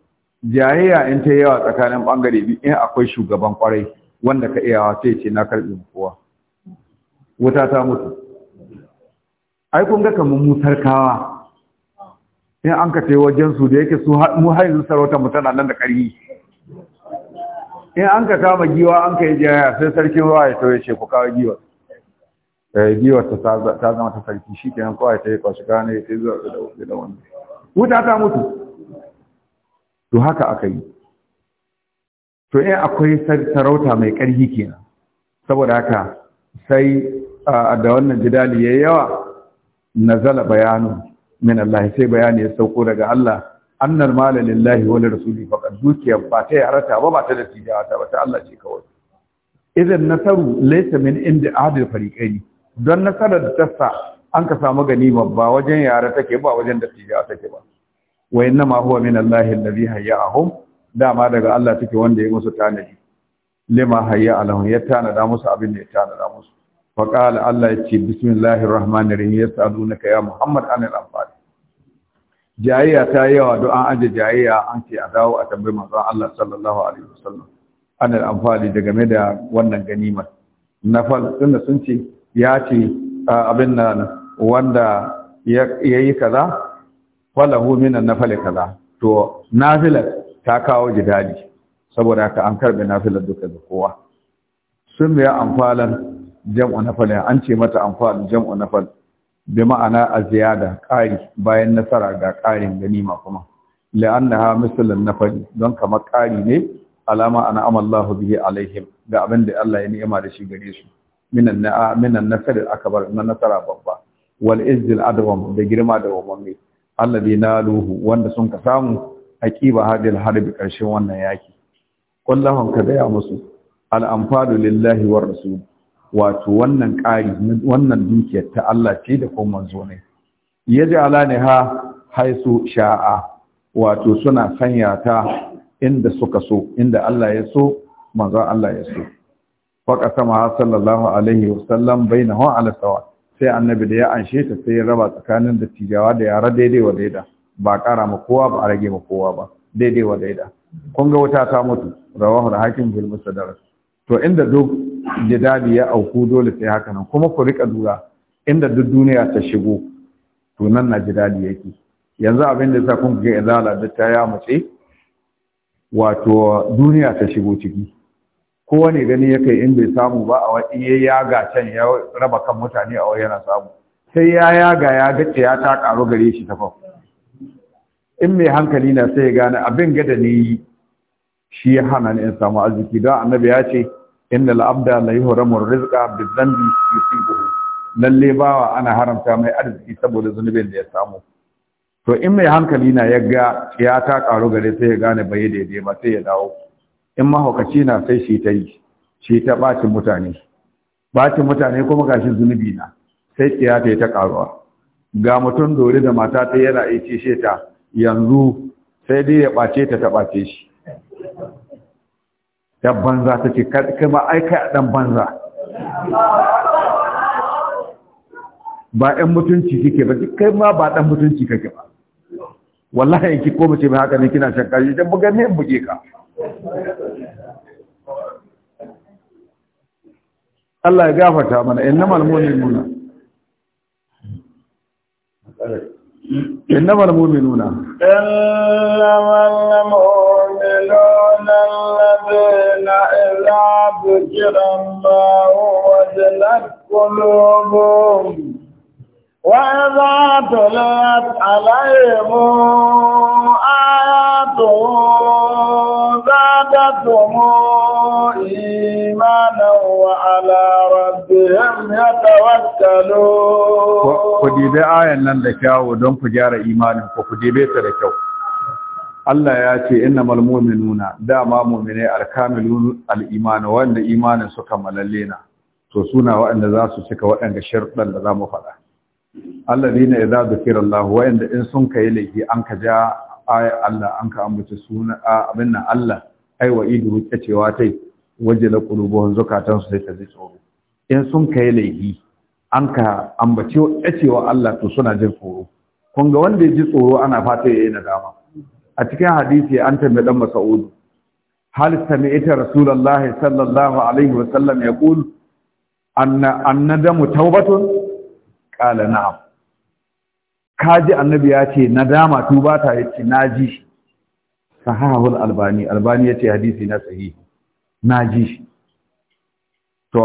jayayya in ta yawa tsakanin bangare bi in akwai shugaban kwarai wanda ka iyawa sai ce na karbi kowa wuta ta mutu ai kun ga kamar mu kawa. in an ka tai wajen su da yake su mu har sarauta mu tana nan da ƙarfi in an ka kama giwa an ka yi jiyaya sai sarkin ruwa ya tauye ce ku kawo giwa eh, giwa ta zama ta sarki shi kawai ta yi kwashi gane ya yi zuwa da wani wuta ta mutu to haka aka yi to in akwai sarauta mai ƙarfi kenan saboda haka sai da wannan jidali ya yawa nazala bayanu min Allah sai bayani ya sauko daga Allah annal mala lillahi wa li rasuli faqad dukiya ba ta yarata ba ba ta da ta ba ta Allah ce kawai idan nasaru laysa min inda ahadil fariqaini don nasarar da tassa an ka samu ganima ba wajen yara take ba wajen da tijara take ba wa inna ma huwa min allahi alladhi hayya'ahum dama daga Allah take wanda ya musu tanadi lima hayya alahum ya tanada musu abin da ya tanada musu faqala Allah ya ce bismillahir rahmanir rahim yas'alunaka ya muhammad anil anfal jayayya ta yi yawa don an ajiye jayayya an ce a dawo a tambayi manzon Allah sallallahu alaihi wasallam an amfani da game da wannan ganimar na fal da sun ce ya ce abin nan wanda ya yi kaza falahu minan nafali kaza to nafilar ta kawo jidali saboda ka an karbe nafilar duka da kowa sun biya amfalan jam'u nafal an ce mata amfalan jam'u nafal bi ma'ana a ziyada ƙari bayan nasara ga ƙarin ganima kuma la'annaha misalan fari don kamar ƙari ne alama ana amallahu bihi alaihim ga abin da Allah ya ni'ima da shi gare su minan na'a minan nasar na nasara babba wal izzil adwam da girma da wamanni alladhi naluhu wanda sun ka samu aqiba hadil harbi karshen wannan yaki kullahum ka ya musu al anfalu lillahi war rasul wato wannan ƙari wannan dukiyar ta Allah ce da kuma manzo ne ya ji ha haisu sha'a wato suna sanya ta inda suka so inda Allah ya so manzo Allah ya so faka sama sallallahu alaihi wasallam bainahu ala sawa sai annabi da ya anshe ta sai ya raba tsakanin dattijawa da yara daidai wa daida ba ƙara ma kowa ba a rage ma kowa ba daidai wa daida kun ga wuta ta mutu rawahu hakim bil musaddar to inda duk jidali ya auku dole sai haka nan kuma ku rika lura inda duk duniya ta shigo to nan na jidali yake yanzu abin da sa kun ga izala da ta ya mace wato duniya ta shigo ciki kowane gani ya kai in bai samu ba a wani ya yaga can ya raba kan mutane a wani yana samu sai ya yaga ya gace ya ta karo gare shi ta in mai hankali na sai ya gane abin gada ne yi shi ya hana ni in samu arziki don annabi ya ce innal abda la yuhramu rizqa bi dhanbi yusibuhu lalle bawa ana haramta mai arziki saboda zunubin da ya samu to in mai hankali na ya ga ya ta karu gare sai ya gane bai daidai ba sai ya dawo in mahaukaci na sai shi ta yi shi ta mutane mutane kuma gashi zunubi na sai tsiya ta yi ta karuwa ga mutum dore da mata ta yana aice ta yanzu sai dai ya ɓace ta ta ɓace shi ta banza ta ce ma aika a ɗan banza ba ɗan mutunci kike ba kai ma ba ɗan mutunci kake ba wallahi yanki ko mace mai haka ne kina shakka shi dan buga ne buge ka Allah ya gafarta mana innamal mu'minuna Thank you. إنما المؤمنون إنما المؤمنون الذين إذا ذكر الله وجلت قلوبهم وإذا تليت عليهم آياته زادتهم إيمانا وعلى ربهم يتوكلون ku dibe ayan nan da kyawu don ku gyara imanin ku ku ta da kyau Allah ya ce innamal mu'minuna dama mu'mine alkamilun al-iman wanda imanin suka malalle na to suna waɗanda za su cika waɗanda sharuɗan da za mu faɗa alladina idza dhukira Allah inda in sun kai laifi an ka ja ayi Allah an ka ambace suna abin nan Allah ai wa idu cewa tai wajala qulubuhum zakatan su sai ta tsoro in sun kai laifi an ka ambace cewa Allah to suna jin tsoro kun ga wanda ya ji tsoro ana fata yayi nadama a cikin hadisi an tambaye dan Mas'ud hal sami'ta rasulullahi sallallahu alaihi wasallam yaqul anna annadamu tawbatun kala na'am kaji annabi ya ce nadama tuba ta yace naji sahahul albani albani yace hadisi na sahihi naji to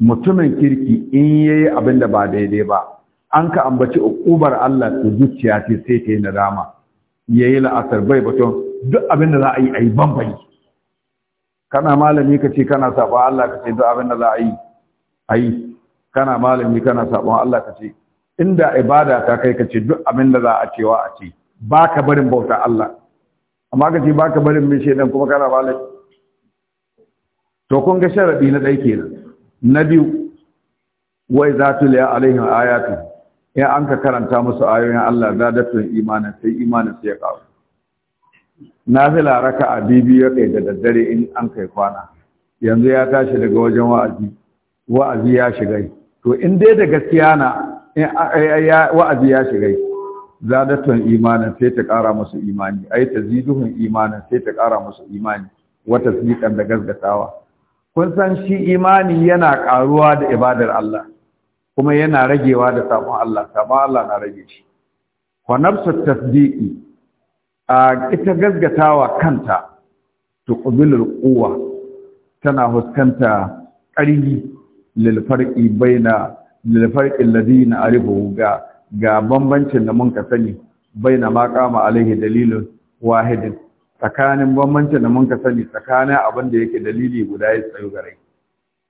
mutumin kirki in yayi abin da ba daidai ba an ka ambaci ukubar Allah to zuciya ce sai ta yi nadama yayi la'asar bai baton duk abin da za a yi ayi yi kana malami ka ce kana safa Allah ka ce duk abin da za a yi a kana malami kana sabon Allah ka ce inda ibada ta kai ka ce duk abin da za a cewa a ce Ba ka barin bauta Allah amma ka ce ba ka barin mai nan, kuma kana malami to kun ga sharadi na dai kenan na biyu wai za tu liya alaihi ayatu in an ka karanta musu ayoyin Allah za tun imanin sai imanin sai ya kawo nafila raka'a bibi ya kai da daddare in an kai kwana yanzu ya tashi daga wajen wa'azi wa'azi ya shiga to in dai da gaskiya na wa'azi ya shiga zadatun imanin sai ta ƙara musu imani ai ta ziduhun imanin sai ta ƙara musu imani wata siƙan da gasgatawa kun san shi imani yana ƙaruwa da ibadar Allah kuma yana ragewa da sabon Allah sabon Allah na rage shi wa nafsu tasdiqi a ita gasgatawa kanta tuqbilul quwwa tana huskanta ƙarfi lilfarki baina lilfarki alladhi ga ga bambancin da mun ka sani baina ma qama alaihi dalilun wahidin tsakanin bambancin da mun ka sani tsakanin abin da yake dalili guda ya tsayu gare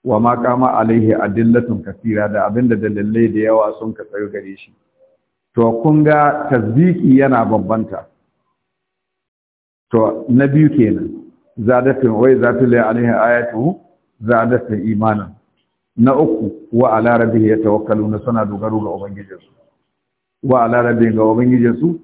wa ma alaihi adillatun kasira da abin da dalilai da yawa sun ka tsayu gare shi to kun ga tasbiki yana bambanta to na biyu kenan zadatun wai zatul alaihi ayatu zadatun imanin. na uku wa ala tawakkalu na suna dogaro ga ubangijinsu wa ala rabbihim ga ubangijinsu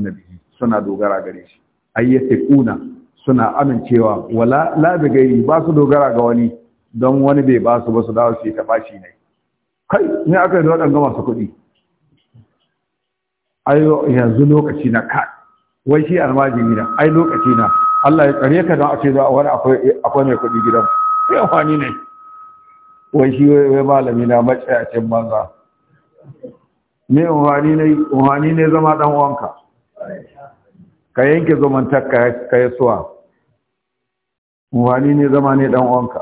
na bihi suna dogara gare shi kuna suna amincewa wala la bi gairi ba su dogara ga wani don wani bai ba su ba su dawo su ta bashi ne kai ne aka yi da waɗanda masu kuɗi ayo yanzu lokaci na ka wai shi almajiri na ai lokaci na Allah ya tsare ka don a ce za a wani akwai mai kuɗi gidan sai ni ne wai shi wai malami na matsayacin banza ne umarni ne zama dan wanka ka yanke zumantar ka yi suwa umarni ne zama ne dan wanka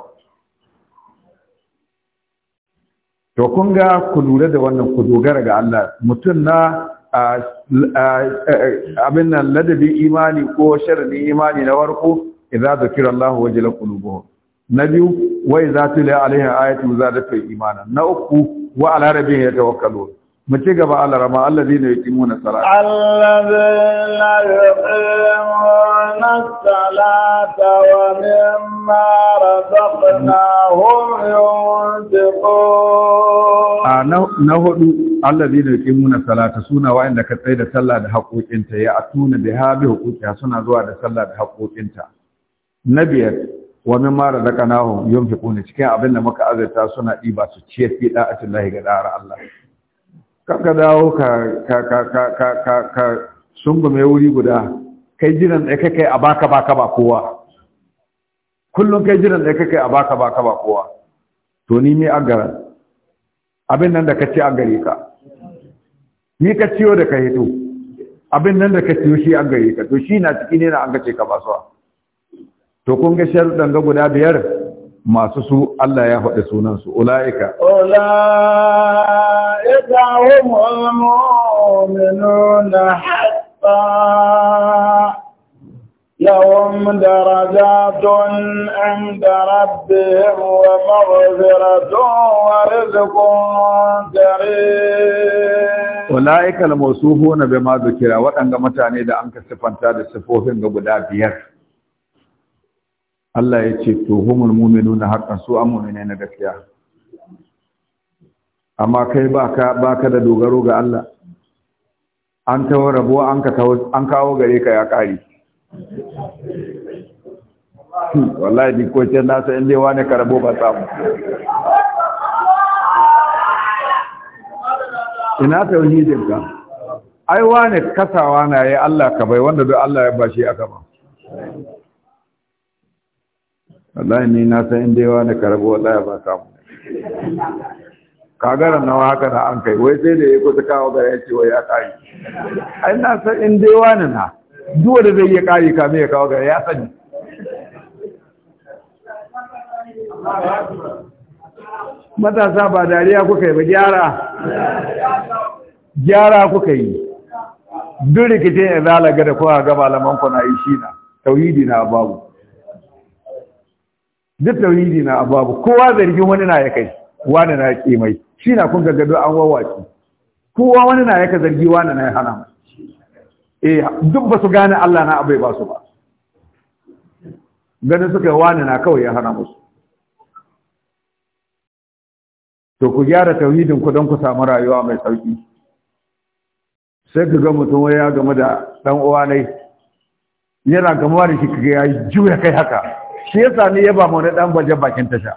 to kun ga ku lura da wannan ku dogara ga Allah mutum na abin nan ladabi imani ko sharri imani na warko idza zikra Allah wajala qulubuhum na biyu wai za tu la za ayatu zadatu imana na uku wa ala rabbihim yatawakkalun mu ci gaba Allah rama allazina yuqimuna salata allazina yuqimuna salata wa mimma razaqnahum yunfiqun na hudu allazina yuqimuna salata suna wa'anda ka tsaya da sallah da haƙoƙinta ya atuna biha bi huquqiha suna zuwa da sallah da haƙoƙinta na biyar wa min ma razaqnahum ne cikin abin da muka azurta suna diba su ciyar fi da'atillahi ga da'ar Allah kanka dawo ka ka ka ka ka ka wuri guda kai jiran da kai-kai, a baka baka ba kowa kullum kai jiran da kai-kai, a baka baka ba kowa to ni mai agara garan abin nan da ci, a gare ka ni ka ciyo da ka hito abin nan da ka ciyo shi an gare ka to shi na ciki ne na an gace ka basuwa to kun ga sharuɗan ga guda biyar masu su Allah ya faɗi sunansu ula'ika ula'ika humul mu'minuna hatta lahum darajatun inda rabbihim wa maghfiratun wa rizqun karim ula'ika al-mawsufuna bima dhukira wadanga mutane da anka sifanta da sifofin ga guda biyar Allah ya ce to humul na haqqan su an mu'mine na gaskiya amma kai baka baka da dogaro ga Allah an tawo rabo an ka an kawo gare ka ya kare wallahi ni ko ce na san ne wani karabo ba samu ina tauhidin ka ai wani kasawa na yi Allah ka bai wanda duk Allah ya bashi aka ba wallahi ni na san inda yawa na karabo wallahi ba mu. kagaran nawa haka na an kai wai sai da ya kusa kawo gara ya ce wai ya kari ai na san inda yawa na na duwa da zai iya kayi ka ya kawo gara ya sani matasa ba dariya kuka yi ba gyara gyara kuka yi duk rikicin zalaga da kowa ga malaman na yi shi na tauhidi na babu duk tauridi na babu kowa zargin wani na ya kai wani na ya ke mai shi na kun gaggado an wawaki kowa wani na ya ka zargi wani na ya hana mai eh duk ba su gane Allah na abai ba su ba ganin suka wani na kawai ya hana musu to ku gyara tauhidin ku don ku samu rayuwa mai sauki sai ku ga mutum ya game da dan uwa ne yana gamuwa da shi ga ya juya kai haka shi yasa ni yaba mu wani dan baje bakin tasha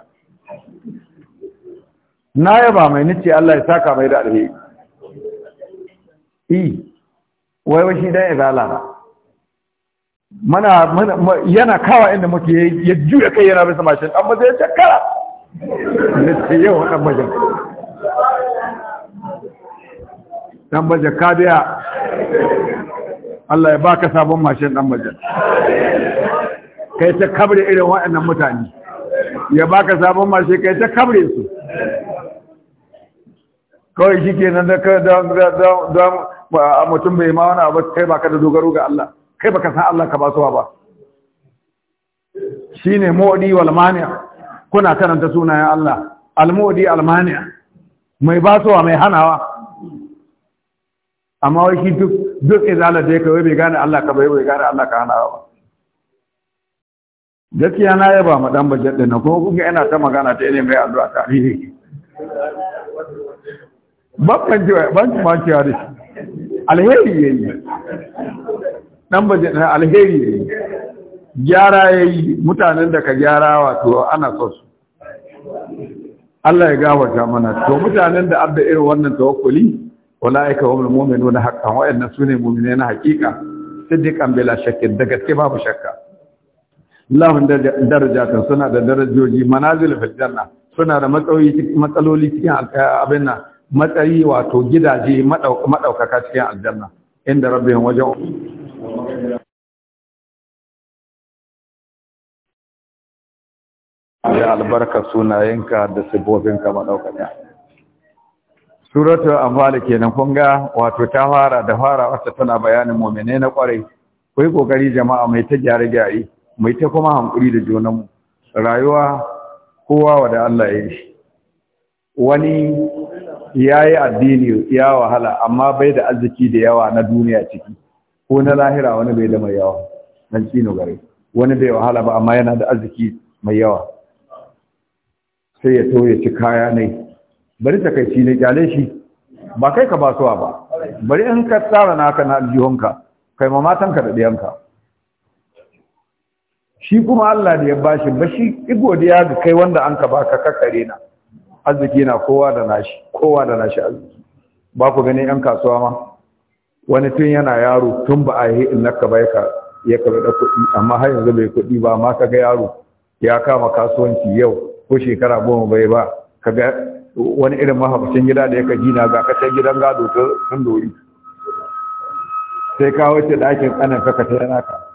na yaba mai nace Allah ya saka mai da alheri eh wai wai shi dan izala mana yana kawa inda muke ya juya kai yana bisa mashin an ba zai shakara nace yau dan baje dan baje ka biya Allah ya baka sabon mashin dan baje kai ta kabre irin waɗannan mutane ya baka sabon mashi kai ta kabre su kawai shi ke nan da a mutum bai ma wani abu kai baka da dogaro ga Allah kai baka san Allah ka basuwa ba ne mu'di wal mani' kuna karanta sunayen Allah almawadi Almaniya, mai basuwa mai hanawa amma wai shi duk izalar da ya wai bai gane Allah ka bai bai gane Allah ka hanawa ba gaskiya na yaba ma dan bajet din kuma kuka yana ta magana ta ilimin mai addu'a ta rihi babban jiwa ban ma ciwa da shi alheri yayi dan bajet na alheri yayi gyara yayi mutanen da ka gyara wato ana so su Allah ya ta mana to mutanen da abda irin wannan tawakkuli ulaika humul mu'minuna haqqan wa inna mu'minai na haqiqa siddiqan bila shakka da gaske babu shakka lahun darajatan suna da darajoji manazil fil janna suna da matsaloli cikin eh, abin nan matsayi wato gidaje madaukaka cikin aljanna inda rabbihim wajen da albarka sunayenka da sifofinka madaukaka Suratu anfal kenan kun ga wato ta fara da fara wata tana bayanin muminai na kwarai kai kokari jama'a mai ta gyare gyare mai ta kuma hankuri da junanmu rayuwa kowa wa da Allah ya yi wani ya yi addini ya wahala amma bai da arziki da yawa na duniya ciki ko na lahira wani bai da mai yawa nan cino gare wani bai wahala ba amma yana da arziki mai yawa sai ya ya ci kaya ne bari ta takaici ne kyale shi ba kai ka basuwa ba bari in ka tsara naka na aljihunka kai ma matanka da ɗiyanka shi kuma Allah da ya bashi ba shi igodiya ga kai wanda an ka baka kakare na arziki na kowa da nashi kowa da nashi arziki ba ku gani yan kasuwa ma wani tun yana yaro tun ba a yi innaka ba ya ka da kuɗi amma har yanzu bai kuɗi ba amma kaga yaro ya kama kasuwanci yau ko shekara goma bai ba kaga wani irin mahaifin gida da yaka jina ga kasar gidan gado sun dori sai ka wuce ɗakin ƙanan kaka ta yana ka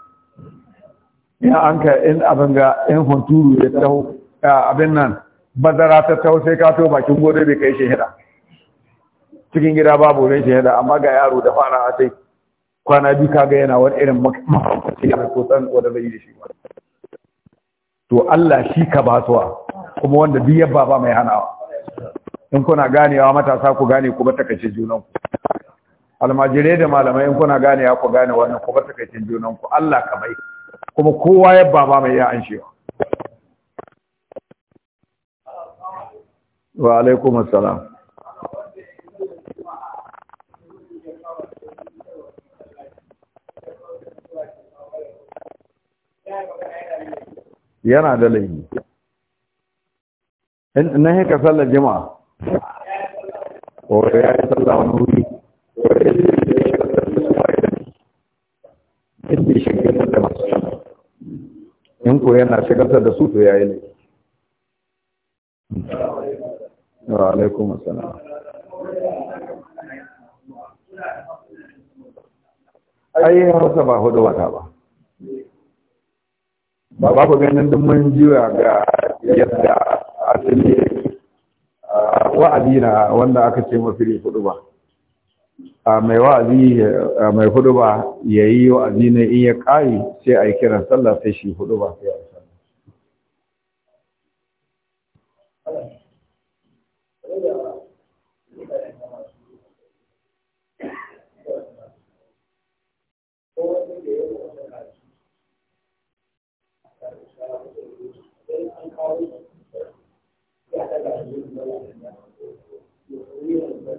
Ya an ka in abin ga in hunturu ya taho abin nan bazara ta taho sai ka to bakin gode bai kai shahida cikin gida babu wurin shahida amma ga yaro da fara a sai kwana biyu kaga yana wani irin mafarkaci a ko san wanda zai yi da shi to Allah shi ka basuwa kuma wanda duk baba mai hanawa in kuna ganewa matasa ku gane ku ba junan junanku almajirai da malamai in kuna ganewa ku gane wannan ku ba junan junanku Allah ka bai kuma kowa ya baba mai iya an shewa wa alaikum assalam yana da laifi na haka sallar jima'a ya yi sallar wani wuri inda shi ke sallar in ko yana shigar da su to yayi ne wa alaikum assalam ai hausa ba hudu wata ba ba ba ko ganin duk mun jiwa ga yadda asali wa'adi na wanda aka ce mafi hudu ba a mai wa'azi mai hudu ba ya yi wa'azi ne in ya ƙari sai a yi kiran sallah sai shi hudu ba sai a yi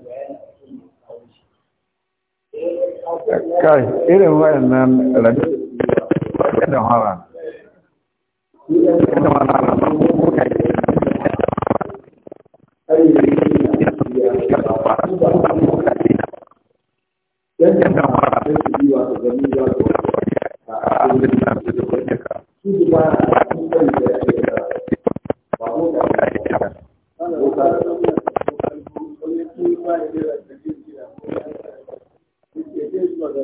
Thank kai irin wayannan rabi da hara da mana kai yankin da mara da su a da su da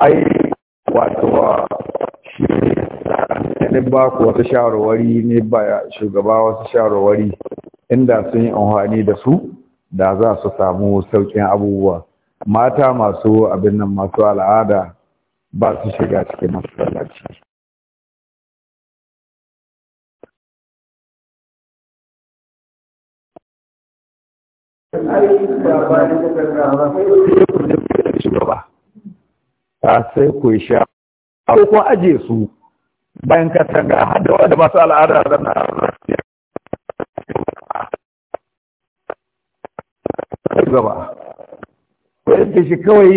ai wato shi ne ba ku wasu shawarwari ne ba shugaba wasu shawarwari inda sun yi amfani da su da za su samu sauƙin abubuwa mata masu abin nan masu al'ada ba su shiga cikin masallaci shugaba a sai ku sha ko ko aje su bayan katanga har da wanda masu al'ada da na gaba ko yadda shi kawai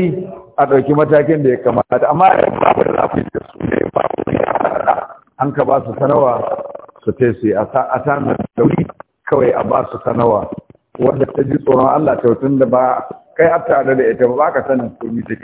a ɗauki matakin da ya kamata amma ya ba da lafi da su ne babu ya an ka ba su sanawa su te su a da wuri kawai a ba su sanawa wanda ta ji tsoron Allah ta da ba kai a tare da ita ba ka sanin komi take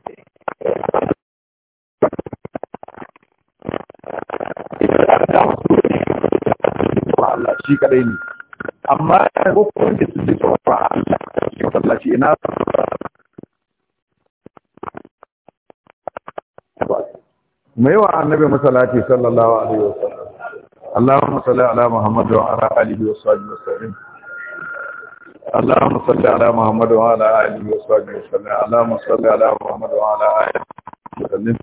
shi kadai ne amma ya zo kawai da sun jisa wata Allah ya tallace ina mai wa annabi masalati sallallahu alaihi wasallam Allahumma salli ala Muhammadu wa ala alihi wa sahbihi wasallim Allahumma salli ala Muhammadu wa ala alihi wa sahbihi wasallim Allahumma salli ala Muhammadu wa ala alihi wa sahbihi wasallim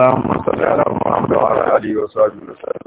اللهم صل على محمد وعلى اله وصحبه وسلم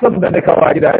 sab da na kawo gida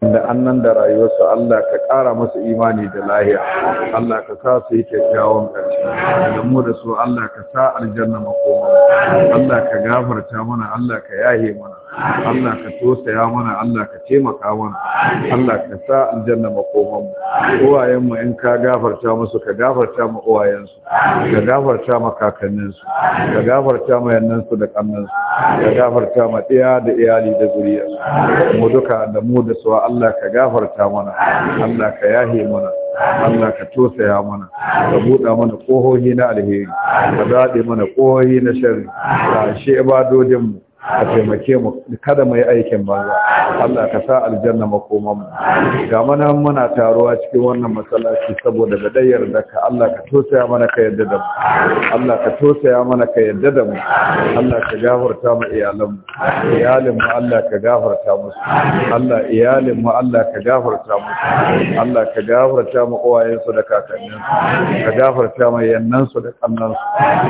da annan da rayuwarsu Allah ka ƙara masa imani da lahiya Allah ka sa su yi kyakkyawan ƙarshe da mu da su Allah ka sa aljanna makoma Allah ka gafarta mana Allah ka yahe mana Allah ka tosaya mana Allah ka taimaka mana Allah ka sa aljanna makoman mu uwayen in ka gafarta masu ka gafarta ma uwayen su ka gafarta ma kakannin ka gafarta ma yannan da kannan su ka gafarta ma iya da iyali da zuriya mu duka da mu da su Allah ka gafarta mana Allah ka yahe mana Allah ka tosaya mana ka buɗa mana ƙohohi na alheri ka daɗe mana ƙohohi na shari ka ashe mu. A taimake mu kada mu yi aikin banza Allah ka sa aljanna makoman mu ga mana muna taruwa cikin wannan masallaci saboda da dai yarda ka Allah ka tosaya mana ka yarda da mu Allah ka tosaya mana ka yarda da mu Allah ka gafarta mu iyalan mu iyalin mu Allah ka gafarta musu Allah iyalin mu Allah ka gafarta musu Allah ka gafarta mu uwayen su da kakannin su ka gafarta mu yannan su da kannan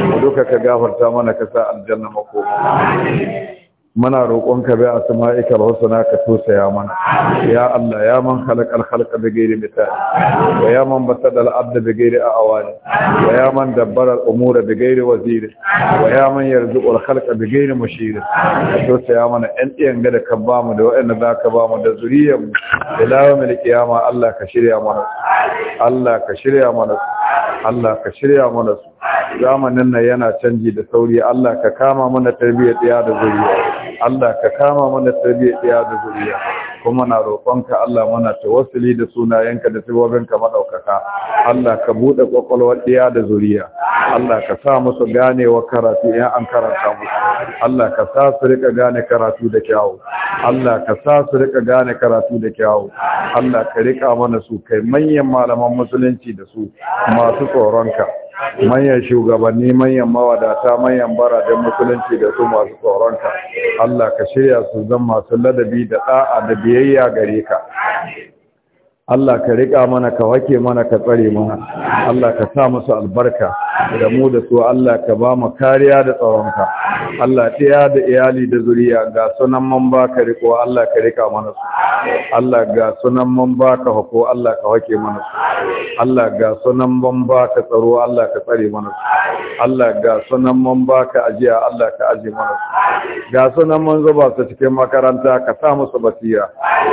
su duka ka gafarta mana ka sa aljanna makoman mu muna roƙonka bi asma'ika al-husna ka ya mana ya Allah ya man khalaqa halka khalqa bi ghairi mithal wa ya man basada al-abd bi ghairi awani wa ya man dabbara al-umura bi ghairi wazir wa ya man yarzuqu al-khalqa bi ghairi mushir ka tosaya mana ɗan ɗiyan ga da ka ba mu da waɗanda za ka ba mu da zuriyar mu ila yawmil qiyama Allah ka shirya mana Allah ka shirya mana Allah ka shirya mana su zamanin nan yana canji da sauri Allah ka kama mana tarbiyyar ɗaya da zuriya Allah ka kama mana tarbiyyar ɗaya da zuriya kuma na roƙonka Allah muna tawassuli da sunayenka da tibobinka madaukaka Allah ka bude kwakwalwar diya da zuriya Allah ka sa musu wa karatu ya an karanta musu Allah ka sa su rika gane karatu da kyau. Allah ka sa su rika gane karatu da kyau. Allah ka rika mana su kai manyan malaman musulunci da su masu tsoronka manyan shugabanni manyan mawadata manyan da musulunci da su masu tsoronka Allah ka shirya su zan masu ladabi da da'a da biyayya gare ka Allah ka riƙa mana ka wake mana ka tsare mana Allah ka sa musu albarka da mu da su Allah ka ba mu kariya da tsaronka Allah ɗaya da iyali da zuriya ga sunan man ba ka riƙo, Allah ka riƙa mana su Allah ga sunan man ba ka hako Allah ka wake mana su Allah ga sunan man ba ka tsaro Allah ka tsare mana su Allah ga sunan man ba ka ajiya Allah ka aje mana su ga sunan man zuba su cikin makaranta ka sa musu basira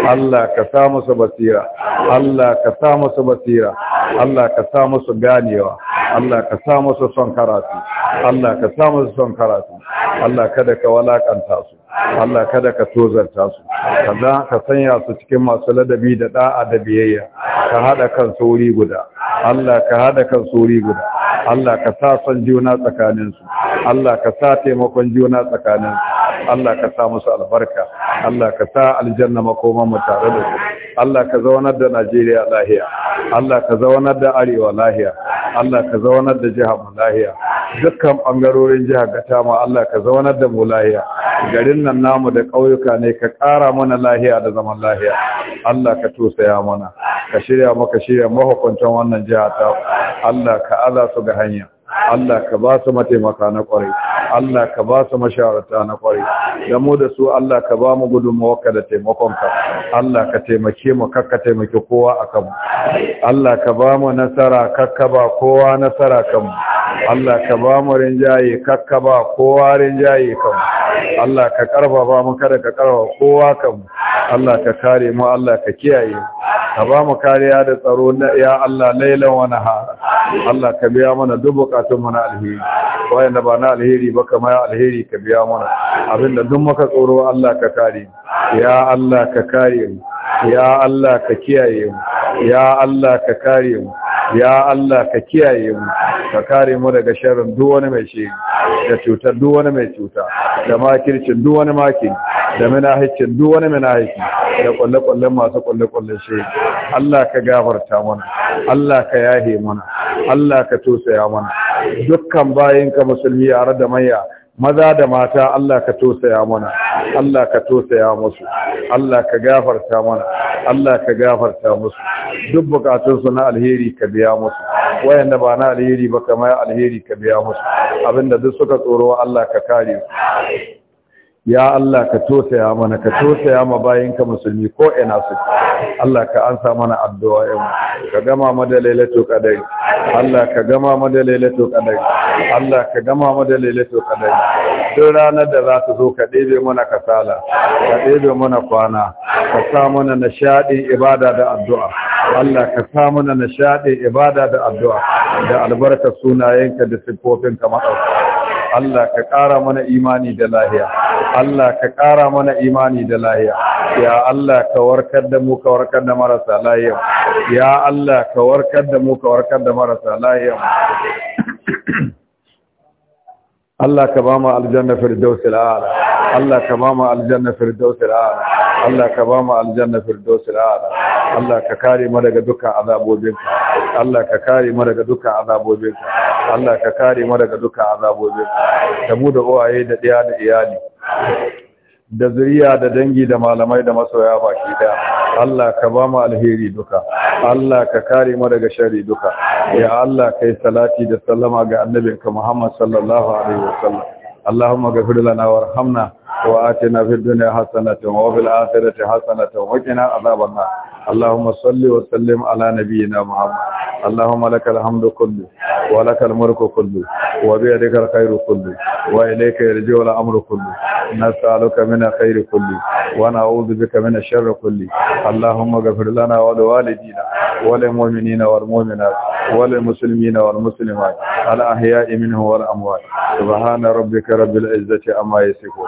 Allah ka sa musu basira Allah ka sa musu basira Allah ka sa musu ganewa Allah ka sa musu son karatu Allah ka sa musu son karatu Allah kada ka walakanta su Allah kada ka tozarta su kaza ka sanya su cikin masu ladabi da da'a da biyayya ka hada kan sauri guda Allah ka hada kan suri guda Allah ka sa son juna tsakaninsu Allah ka sa taimakon juna tsakaninsu Allah ka sa musu albarka Allah ka sa aljanna makoman mu tare da su Allah ka zaunar da Najeriya lahiya Allah ka zaunar da Arewa lahiya Allah ka zaunar da jihar mu lahiya dukkan bangarorin jihar gata mu Allah ka zaunar da mu lahiya garin nan namu da kauyuka ne ka ƙara mana lahiya da zaman lahiya Allah ka tosaya mana ka shirya maka shirya mahukuntan wannan wannan jihar ta Allah ka aza su ga hanya Allah ka ba su mataimaka na kwarai Allah ka ba su masharata na kwarai da mu da su Allah ka ba mu mawaka da taimakonka Allah ka taimake mu kakka taimake kowa a kanmu Allah ka ba mu nasara kakka ba kowa nasara kanmu Allah ka ba mu rinjaye kakka ba kowa rinjaye kanmu Allah ka ba mu kada ka karfa kowa kanmu Allah ka kare mu Allah ka kiyaye ka ba mu kariya da tsaro ya Allah lailan wa nahara Allah ka biya mana dubu bukatun mana alheri wayanda ba na alheri ba kamar alheri ka biya mana abinda duk muka tsoro Allah ka kare ya Allah ka kare mu ya Allah ka kiyaye mu ya Allah ka kare mu ya Allah ka kiyaye mu ka kare mu daga sharrin duk wani mai shi da cutar duk wani mai cuta da makircin duk wani makin da minahicin duk wani minahiki da kwalle-kwallen masu kwalle-kwallen shi Allah ka gafarta mana Allah ka yahe mana Allah ka tosaya mana dukkan bayinka musulmi a da manya maza da mata Allah ka tosaya mana Allah ka tosaya musu Allah ka gafarta mana Allah ka gafarta musu duk bukatunsu na alheri ka biya musu wayanda ba na alheri ba kamar alheri ka biya musu abinda duk suka tsoro Allah ka kare su ya Allah ka tosaya mana ka tosaya ma bayinka musulmi ko ina su Allah ka ansa mana addu'a yau ka gama mu da lailatul qadar Allah ka gama mu da lailatul qadar Allah ka gama mu da lailatul qadar duk ranar da za ta zo ka ɗebe mana kasala ka ɗebe mana kwana ka sa mana nishadi ibada da addu'a Allah ka sa mana nishadi ibada da addu'a da albarka sunayenka da sifofinka madauka Allah ka ƙara mana imani da lahiya Allah ka ƙara mana imani da lahiya ya Allah ka warkar da mu ka warkar da marasa lahiya ya Allah ka warkar da mu ka warkar da marasa lahiya Allah ka ba mu aljanna firdaus al'ala Allah ka ba mu aljanna firdaus al'ala Allah ka ba mu aljanna firdaus al'ala Allah ka kare mu daga dukkan ka Allah ka kare mu daga dukkan ka Allah ka kare mu daga dukkan azabobinka da mu da uwaye da ɗaya da iyali da zuriya da dangi da malamai da masoya baki da Allah ka ba mu alheri duka Allah ka kare mu daga sharri duka ya Allah kai salati da sallama ga annabinka Muhammad sallallahu alaihi wasallam Allahumma ghfir lana warhamna وآتنا في الدنيا حسنة وفي الآخرة حسنة وقنا عذاب النار اللهم صل وسلم على نبينا محمد اللهم لك الحمد كله ولك الملك كله وبيدك الخير كله وإليك يرجع الأمر كله نسألك من الخير كله ونعوذ بك من الشر كله اللهم اغفر لنا ولوالدينا وللمؤمنين والمؤمنات وللمسلمين والمسلمات الأحياء منه والأموات سبحان ربك رب العزة أما يصفون